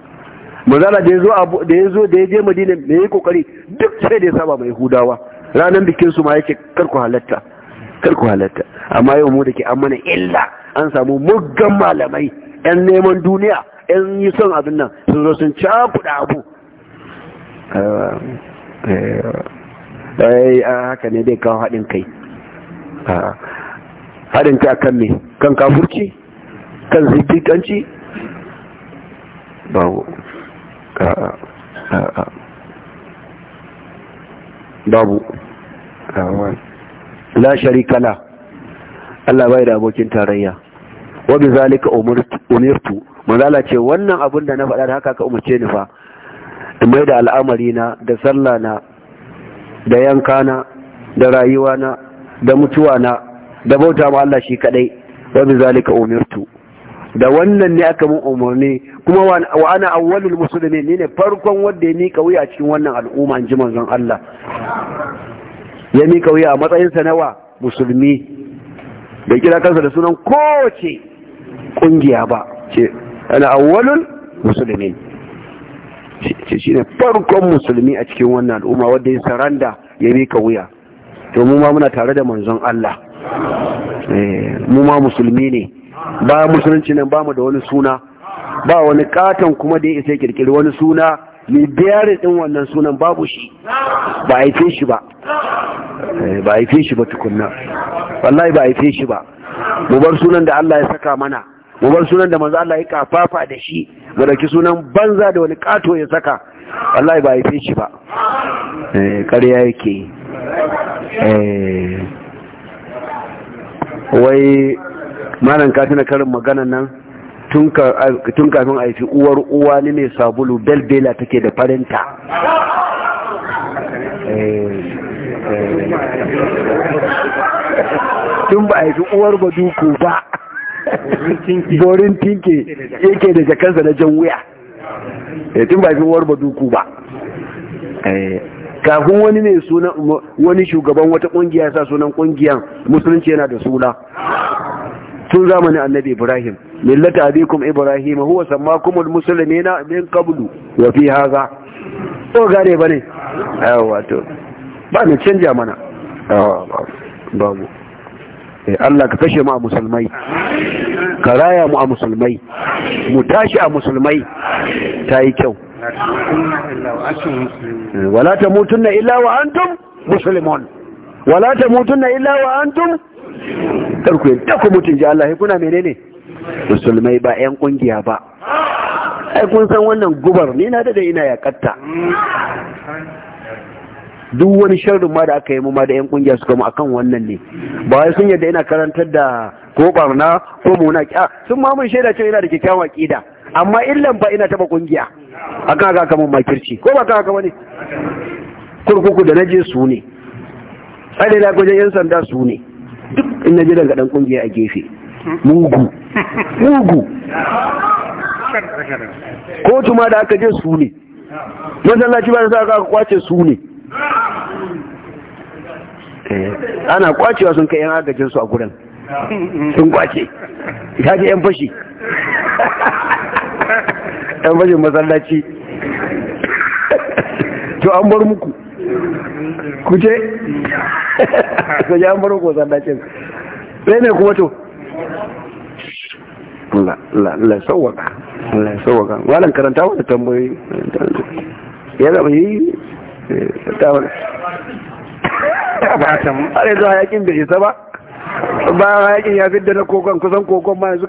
mazala da ya zo da ya zo da ya je madina mai yi kokari duk sai da ya saba mai hudawa ranar bikin su ma yake karku halatta ku halatta amma yau mu da ke an mana illa an samu muggan malamai 'yan neman duniya 'yan yi son abin nan sun zo sun cakuɗa abu eh, eh, eh, ah, haka ne dai kawo haɗin kai ah, haɗin kai kan me kan kafurci kan zikikanci babu ah, babu la sharika Allah bai da abokin tarayya wa bi zalika umirtu manzala ce wannan abin da na faɗa da haka ka umarce ni fa in mai da al'amari na da sallah na da yanka na da rayuwa na da mutuwa na da bauta ma Allah shi kadai wa bi zalika umirtu da wannan ne aka mun umarni kuma wa ana awwalul muslimin ne ne farkon wanda ya mika wuya a cikin wannan al'umma in ji manzon Allah ya mika wuya a matsayin sa nawa musulmi bai kira kansa da sunan kowace kungiya ba ce ana awwalul musulmin ce shine farkon musulmi a cikin wannan al'umma wanda ya saranda ya mika wuya to mu ma muna tare da manzon Allah eh, mu ma musulmi ne ba musulunci nan ba mu da wani suna ba wani katon kuma da ya isa kirkiri wani suna mai biyar din wannan sunan babu shi ba haife shi ba eh, ba haife shi ba tukunna wallahi ba haife shi ba mu bar sunan da Allah ya saka mana mu bar sunan da manzo Allah ya kafafa da shi ga dauki sunan banza da wani kato ya saka wallahi ba yi shi ba eh ƙarya yake eh wai malam ka tuna karin magana nan tun kafin a yi uwar uwa ne mai sabulu belbela take da farinta eh, eh. tun ba a yi uwar baduku ba gorin tinke yake da jakansa na jan wuya eh, tun ba fi warba duku ba eh, kafin wani ne suna wani shugaban wata kungiya sa sunan kungiyan musulunci yana da suna tun zamanin annabi ibrahim millata abikum ibrahim huwa sammakum almuslimina min qablu wa fi hadha to gare bane yawa to ba ni canja mana babu Eh, Allah ka kashe mu a musulmai ka raya mu a musulmai mu tashi a musulmai ta yi kyau eh, wala ta na illa wa antum musulmon, wala ta mutunna illa wa antum tarku yadda ku mutun ji Allah kuna menene musulmai ba ƴan kungiya ba ai kun san wannan gubar ni na da ina katta. duk wani sharrin ma da aka yi ma da yan kungiya suka mu akan wannan ne ba wai sun yadda ina karantar da ko barna ko muna kya sun ma mun shaida cewa ina da kyakkyawan aqida amma illan ba ina taba kungiya akan haka kaman makirci ko ba kan haka bane kurkuku da naje su ne tsare da gwajen yan sanda su ne duk in naje daga dan kungiya a gefe mugu mugu kotu ma da aka je su ne masallaci ba da sa aka kwace su ne Eh, ana kwacewa sun kai yan agajin su a gurin sun kwace ya ce yan fashi yan fashin masallaci to an bar muku kuce, ko ya an bar muku masallacin sai ne kuma to la sauwaka la sauwaka walan karanta wata tambayoyi ya zaba yi har yanzu hayakin da isa ba bayan hayakin ya fi da na kogon kusan kogon ma su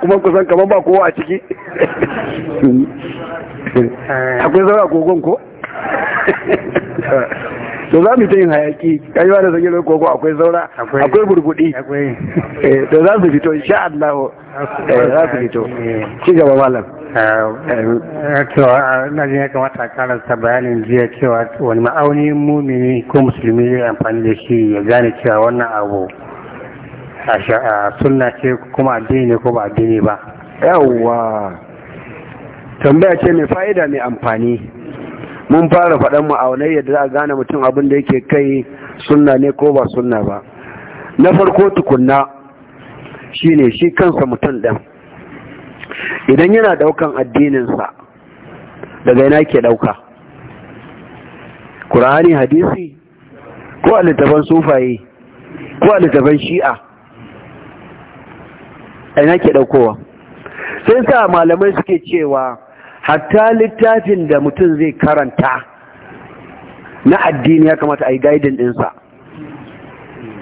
kuma kusan kamar ba kowa a ciki akwai zaura kogon ko to za mu ta yin hayaki kaiwa da zagin koko akwai zaura akwai burgudi to za su fito insha Allah za su fito ci gaba malam cewa na jin ya kamata a karanta bayanin jiya cewa wani ma'auni mumini ko musulmi ya amfani da shi ya gane cewa wannan abu a sunna ce kuma addini ne ko ba addini ba yawwa tambaya ce mai fa'ida mai amfani mun fara faɗan ma'aunai yadda za a gane mutum abin da yake kai sunna ne ko ba sunna ba na farko tukunna shine shi kansa mutum ɗan idan yana daukan addininsa daga yana ke dauka ƙura'ani hadisi ko a littafan sufaye ko a littafan shi'a a yana ke daukowa sai sa malamai suke cewa hatta littafin da mutum zai karanta na addini ya kamata a yi gaidin ɗinsa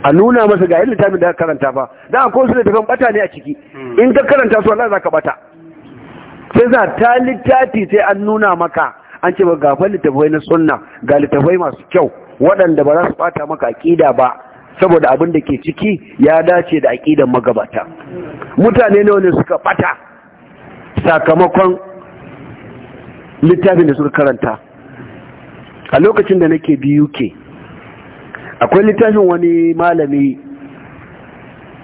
a nuna masa ga yadda littafin da aka karanta ba da ko su littafin bata ne a ciki hmm. in ka karanta su Allah ka bata sai za ta littafi sai an nuna maka an ce ba gafan littafai na sunna ga littafai masu kyau waɗanda ba za su bata maka aƙida ba saboda abin da ke ciki ya dace da aƙidan magabata mutane nawa ne suka bata sakamakon littafin da suka karanta a lokacin da nake biyu ke akwai littafin wani malami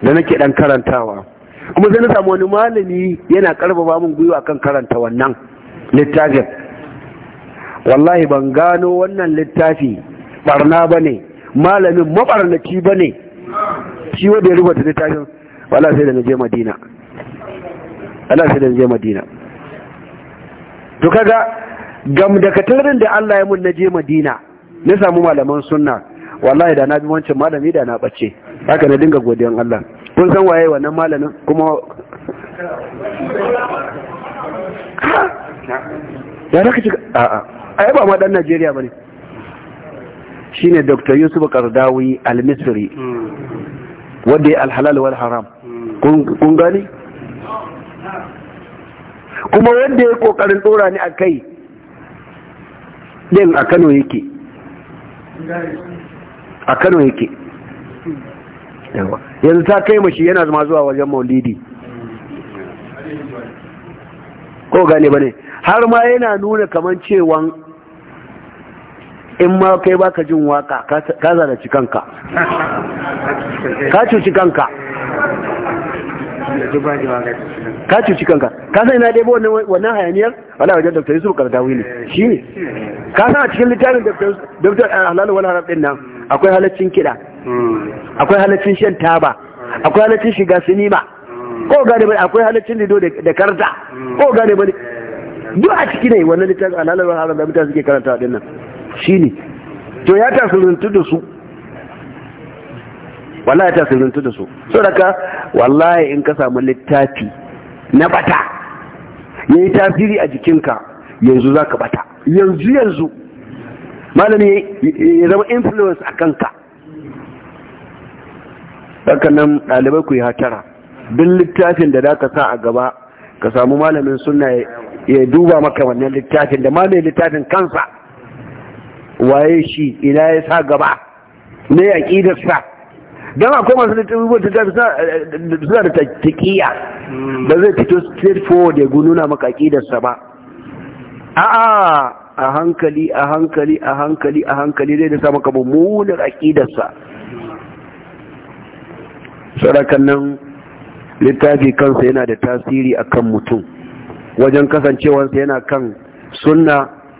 da nake dan karantawa kuma sai na samu wani malami yana karfafa min gwiwa kan karanta wannan littafin wallahi ban gano wannan littafi barna ba ne malamin mabarnaci ba ne shi wanda ya rubuta littafin wala sai da na je madina wala sai da na je madina to kaga gam da katarin da Allah ya mun na je madina na samu malaman sunna wallahi da na bi wancan malami da na bace haka na dinga godiyan Allah kun san waye wannan malamin kuma ya raka ci a'a A ba ma dan Najeriya bane shine Dr. Yusuf Qardawi al-Misri wanda ya al-halal wal haram kun gani kuma wanda ya kokarin dora ni akai din a Kano yake a kano yake yanzu ta kai mashi yana zama zuwa wajen maulidi ko gane ba ne har ma yana nuna kamar cewan in ma kai baka jin waka ka zara kanka ka cuci kanka ka cuci kanka ka san ina ɗaya ba wannan hayaniyar wala wajen dr yusuf kardawi eh, ne shi ne ka san a cikin littafin dr halalu wani harab ɗin nan akwai halaccin kiɗa akwai halaccin shan taba akwai halaccin shiga sinima ko gane bane akwai halaccin lido da karta ko gane bane duk a ciki ne wannan littafin alalar haram da mutane suke karanta din nan shine to ya tasirintu da su wallahi ya tasirintu da su saboda ka wallahi in ka samu littafi na bata yi tasiri a jikinka yanzu zaka bata yanzu yanzu malami ya zama influence a kanka nan ɗalibai ku yi hatara duk littafin da za ka sa a gaba ka samu malamin suna ya duba maka wannan littafin da malamin littafin kansa waye shi ina ya sa gaba ne ya sa don akwai masu littafin suna da taƙiya ba zai fito straight forward ya gununa maka ƙidarsa ba a'a a hankali a hankali a hankali a hankali zai da sa maka mummunar aƙidarsa sarakan nan littafi kansa yana da tasiri a kan mutum wajen kasancewarsa yana kan sunna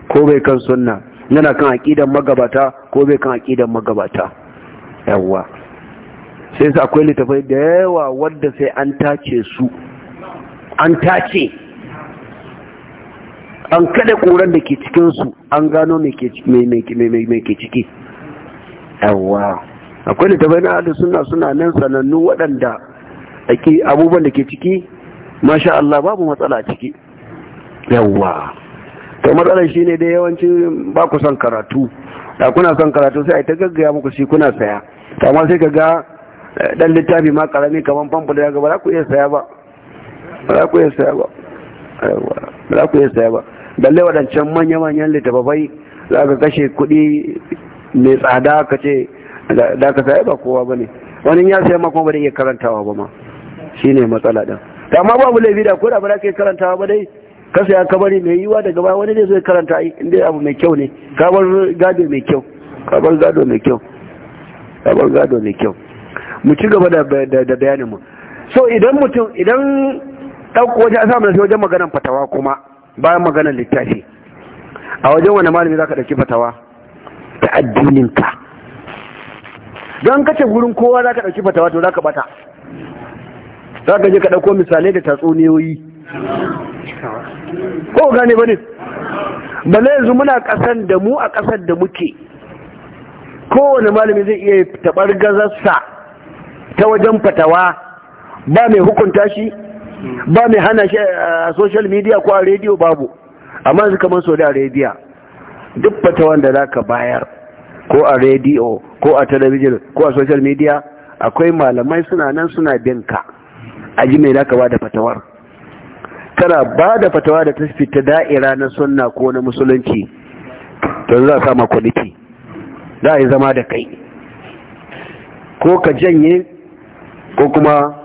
ko bai kan sunna yana kan aƙidan magabata ko bai kan aƙidan magabata yawwa sai su akwai littafai da yawa wadda sai an tace su an tace an kada ƙoran da ke cikinsu an gano mai ke ciki yawwa akwai da tabai na adu suna suna nan sanannu waɗanda ake abubuwan da ke ciki masha Allah babu matsala ciki yawwa ta matsalar shi ne dai yawancin ba ku son karatu da kuna son karatu sai a ta gaggaya muku shi kuna saya amma sai ka ga eh, ɗan littafi ma karami kamar da ya gaba za ku iya saya ba za ku iya saya ba za ku iya saya ba balle waɗancan manya-manyan littattafai za ka kashe kuɗi mai tsada ka ce da ka sai ba kowa ba ne wani ya sai makon ba da iya karantawa ba ma shi ne matsala ɗin ta ma babu laifi da koda ba da ke karantawa ba dai ka saya kabari mai yiwa daga baya wani ne zai karanta inda abu mai kyau ne kabar gado mai kyau kabar gado mai kyau kabar gado mai kyau mu ci gaba da bayanin mu so idan mutum idan ɗauko wajen asa mana sai wajen maganan fatawa kuma bayan maganar littafi a wajen wani malami za ka ɗauki fatawa ta addininka don kace gurin kowa za ka ɗauki fatawa to za ka bata za ka je ka ɗauko misalai da tatsuniyoyi ko gane ba ne na yanzu muna ƙasan da mu a ƙasar da muke kowane malami zai iya taɓar gazarsa ta wajen fatawa ba mai hukunta shi ba mai hana shi eh, a social media ko a rediyo babu amma yanzu kamar a arabia duk fata wanda za ka bayar ko a rediyo ko a talabijin ko a social media akwai malamai suna nan suna bin ka a ji mai naka ba da fatawar kana ba da fatawa da ta fita da'ira na sunna ko na musulunci to za a sama kwaliti za a yi zama da kai ko ka janye ko kuma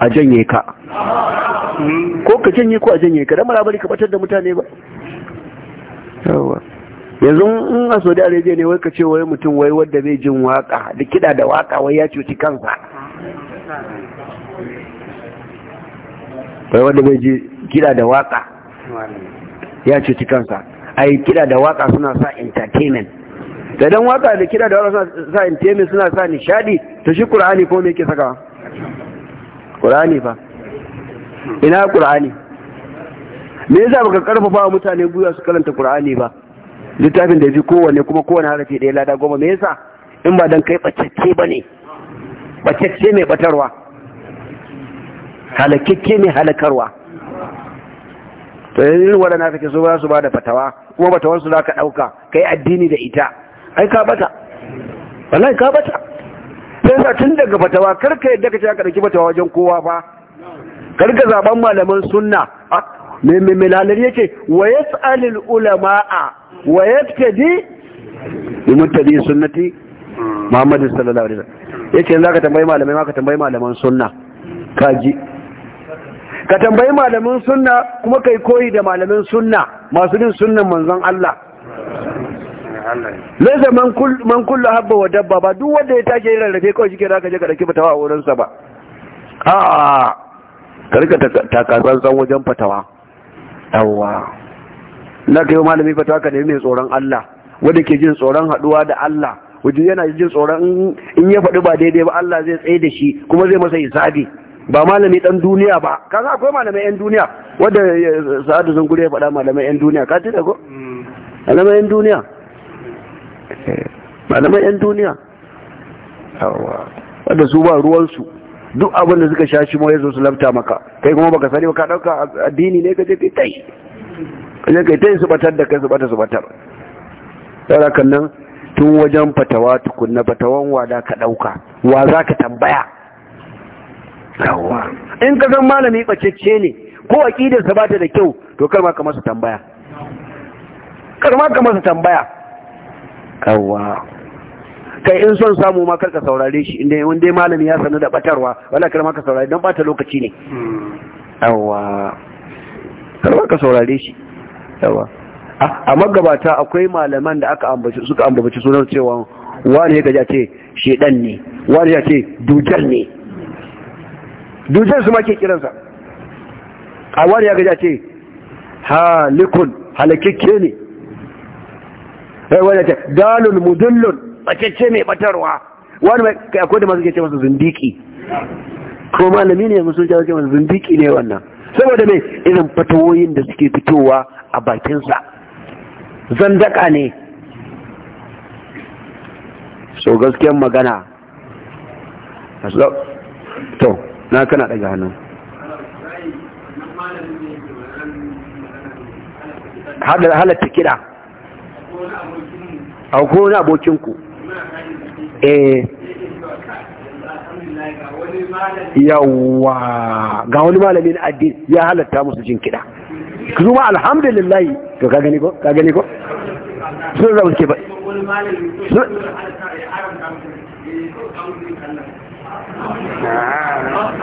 a janye ka ko ka janye ko a janye ka damar bari ka batar da mutane ba yawa yanzu in a saudi arabia ne wai ka ce wai mutum wai wadda bai jin waka da kida da waka wai ya cuci kansa wai wadda bai ji kida da waka ya cuci kansa ai kida da waka suna sa entertainment da dan waka da kida da waka suna sa entertainment suna sa nishadi ta shi kur'ani ko me yake sakawa ƙur'ani ba, ina ƙur'ani me yasa baka karfafa wa mutane gwiwa su karanta ƙur'ani ba littafin da fi kowane kuma kowane harafi ɗaya lada goma me yasa in ba dan kai bacacce ba ne bacacce mai batarwa halakakke mai halakarwa to yanzu waɗanda ke so ba su ba da fatawa kuma fatawarsu za ka ɗauka kai addini da ita ai ka bata wallahi ka bata sai sa tun daga fatawa karka yadda ka ce aka ɗauki fatawa wajen kowa ba karka zaben malaman sunna mai ah, milalar yake wa yas'alul ulama'a wa yaktadi bi muttabi sunnati Muhammad sallallahu alaihi wasallam yace yanzu ka tambayi malamai ma ka tambayi malaman sunna kaji ka tambayi malamin sunna kuma kai koyi da malamin sunna masu din sunnan manzon Allah laisa man kullu habba wa dabba ba duk wanda ya tashi yin rarrafe kawai shike zaka je ka dauki fatawa a wurin sa ba a ka rika takasan san wajen fatawa yawwa na kai malami fatawa ka nemi mai tsoron Allah wanda ke jin tsoron haduwa da Allah wajen yana jin tsoron in ya faɗi ba daidai ba Allah zai tsaye da shi kuma zai masa hisabi ba malami dan duniya ba kaga akwai malamai yan duniya wanda eh, sa'adu zungure ya faɗa malamai yan duniya ka tuna ko mm. malamai yan duniya Malamai 'yan duniya wadda su ba ruwansu duk abinda suka sha shi mawai zo su labta maka kai kuma baka sani ka dauka addini ne ka je kai tai ka je kai tai su batar da kai su batar su batar saboda kan nan tun wajen fatawa na fatawan wada ka dauka wa za ka tambaya in ka san malami bacecce ne ko aqidar sa bata da kyau to kar ma ka masa tambaya kar ma ka masa tambaya kawwa kai in son samu ma karka saurare shi inda in dai malami ya sanu da batarwa wala kar ma ka saurare dan bata lokaci ne yawa kar ma ka saurare shi yawa a magabata akwai malaman da aka ambaci suka ambaci sunan cewa wani ya gaja ce shedan ne wani ya ce dujal ne dujal su ma ke kiransa a wani ya gaja ce halikun halakikke ne wanda ta dalul mudullun tsakacce mai batarwa wani mai akwai da masu ke ce masa zindiki ko malami ne musu ce masa zindiki ne wannan saboda mai irin fatawoyin da suke fitowa a bakinsa zandaka ne so gaskiyar magana to na kana daga hannu halatta kiɗa a wani abokinku eh yawa ga wani malamin addini ya halatta musu jin kiɗa kuma alhamdulillah to ka gani ko ka gani ko sun zama suke ba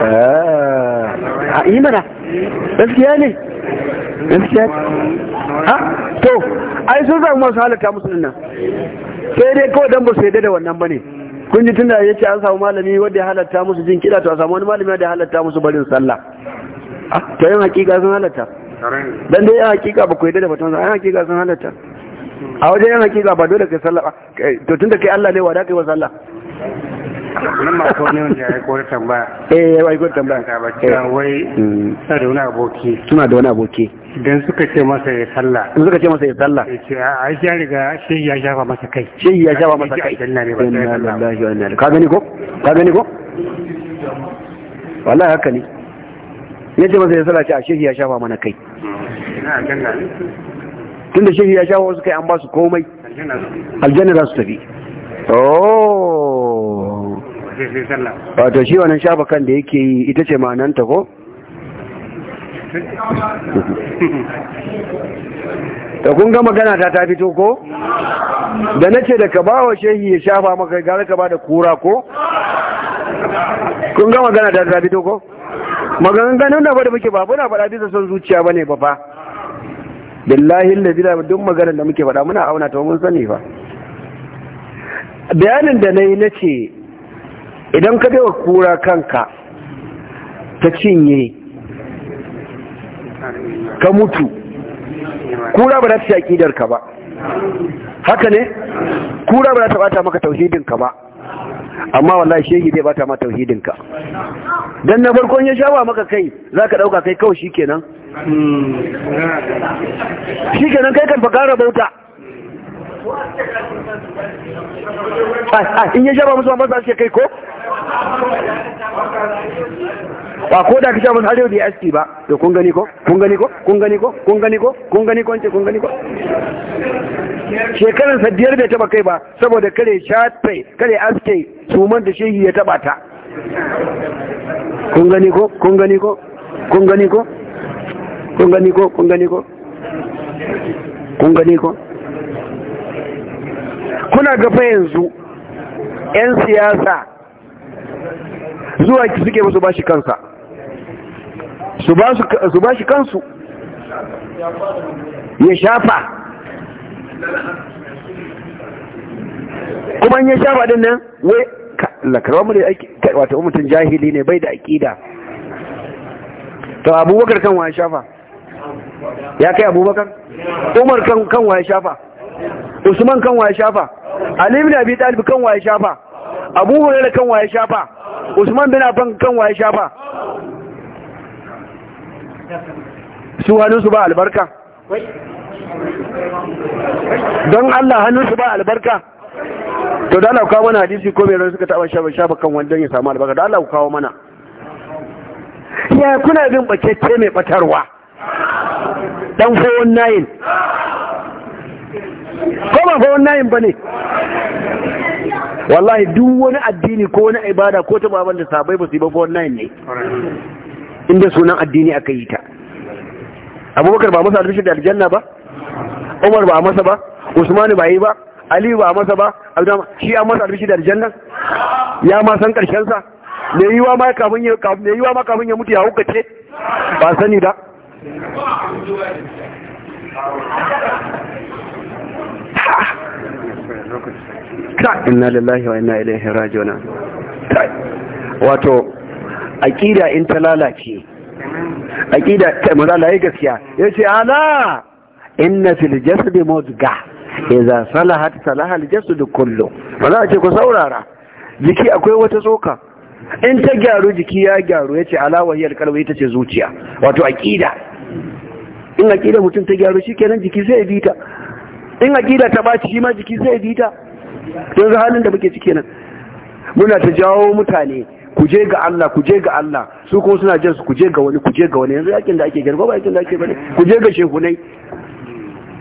ah. Ah. a yi mana gaskiya ne gaskiya ha to ai sun zama masu nan sai dai kawai dan ba yadda da wannan bane kun ji ya ce an samu malami wanda ya halatta musu jin kida to a samu wani malami wanda ya halatta musu barin sallah to yin hakika sun halatta dan dai yin hakika ba ku yadda da fatan yan hakika sun halatta a wajen yin hakika ba dole kai sallah to da kai Allah ne wa da kai wa sallah nan ma ne ya kore tambaya eh ya eh. wai tambaya mm. ba wai suna da wani aboki suna da wani aboki idan suka ce masa ya sallah idan suka ce masa ya ce a ya riga shehi ya shafa masa kai ya shafa masa kai ka gani ko ka gani ko wallahi haka ne masa ya ce a shehi ya shafa mana kai tunda ya shafa wasu kai an ba su komai aljanna za su tafi oh wato shi wannan shafa kan da yake yi ita ce ma'ananta ko da kun ga magana ta ta fito ko da nace da ka bawa shehi ya shafa maka gara ka ba da kura ko kun ga magana ta ta fito ko maganganun da da muke ba na faɗa bisa son zuciya bane ba fa billahi allazi la duk maganar da muke faɗa muna auna ta mun sani fa bayanin da na yi nace idan ka dawa kura kanka ta cinye ka mutu kura ba za ta shaƙidar ka ba haka ne kura ba za ta bata maka tauhidinka ba amma wallahi shehi zai bata ma tauhidinka dan na farkon ya wa maka kai za ka dauka kai kawai shikenan shikenan kai kan fa kara bauta in ya jaba musu amma ba suke kai ko? ba ko da ka musu arewa da ya ba to kun gani ko? kun gani ko? kun gani ko? kun gani ko? kun gani ko? kun gani ko? shekarar sadiyar bai taba kai ba saboda kare shafe kare aske suman da shehi ya taba ta kun gani ko? kun gani ko? kun gani ko? kun gani ko? kun gani ko? kun gani ko? kuna gafa yanzu 'yan siyasa zuwa ki suke musu bashi kansa su bashi kansu ya shafa kuma ya shafa din nan wai lakarwa mu da wata mutum jahili ne bai da aƙida to abubakar kan wa ya shafa ya kai abubakar umar kan wa ya shafa usman kan waye shafa ali ibn abi talib kan waye shafa abu hurairah kan waye shafa usman bin affan kan waye shafa su hannunsu ba albarka don Allah hannunsu ba albarka to da Allah kawo mana hadisi ko mai suka taba shafa shafa kan wanda ya samu albarka da Allah kawo mana ya kuna bin bakecce mai batarwa dan 419 ko ba fa wannan ba ne wallahi duk wani addini ko wani ibada ko ta babanta sabai ba su yi ba fa wannan ne inda sunan addini aka yi ta abubakar ba masa albishir da aljanna ba umar ba masa ba usmanu ba yi ba ali ba masa ba abdama shi an masa albishir da aljanna ya ma san karshen sa me yiwa ma kafin ya me yiwa ma kafin ya mutu ya hukace ba sani da inna lillahi wa inna ilaihi raji'un wato aqida in ta lalace aqida ta mazala yi gaskiya yace ala inna fil jasadi mudga idza salahat salaha al jasadu kullu wala ce ku saurara jiki akwai wata tsoka in ta gyaru jiki ya gyaru yace ala wahiyal qalbi ita ce zuciya wato aqida in aqida mutum ta gyaru shikenan jiki sai ya bita in aƙida ta baci shi ma jiki zai bi ta yanzu halin da muke ciki nan muna ta jawo mutane ku je ga Allah ku je ga Allah su kuma suna jinsu, su ku je ga wani ku je ga wani yanzu yakin da ake garba ba yakin da ake bane ku je ga shehunai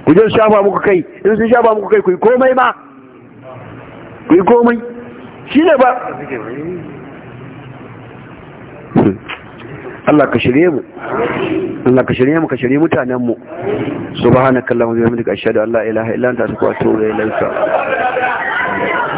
ku je shafa muku kai in sun shafa muku kai ku yi komai ba ku yi komai shi ne ba Allah ka shirye mu Allah ka shirye mu ka shirye mutanen mu subhanakallahumma wa bihamdika ashhadu an la ilaha illa anta astaghfiruka wa atubu ilaik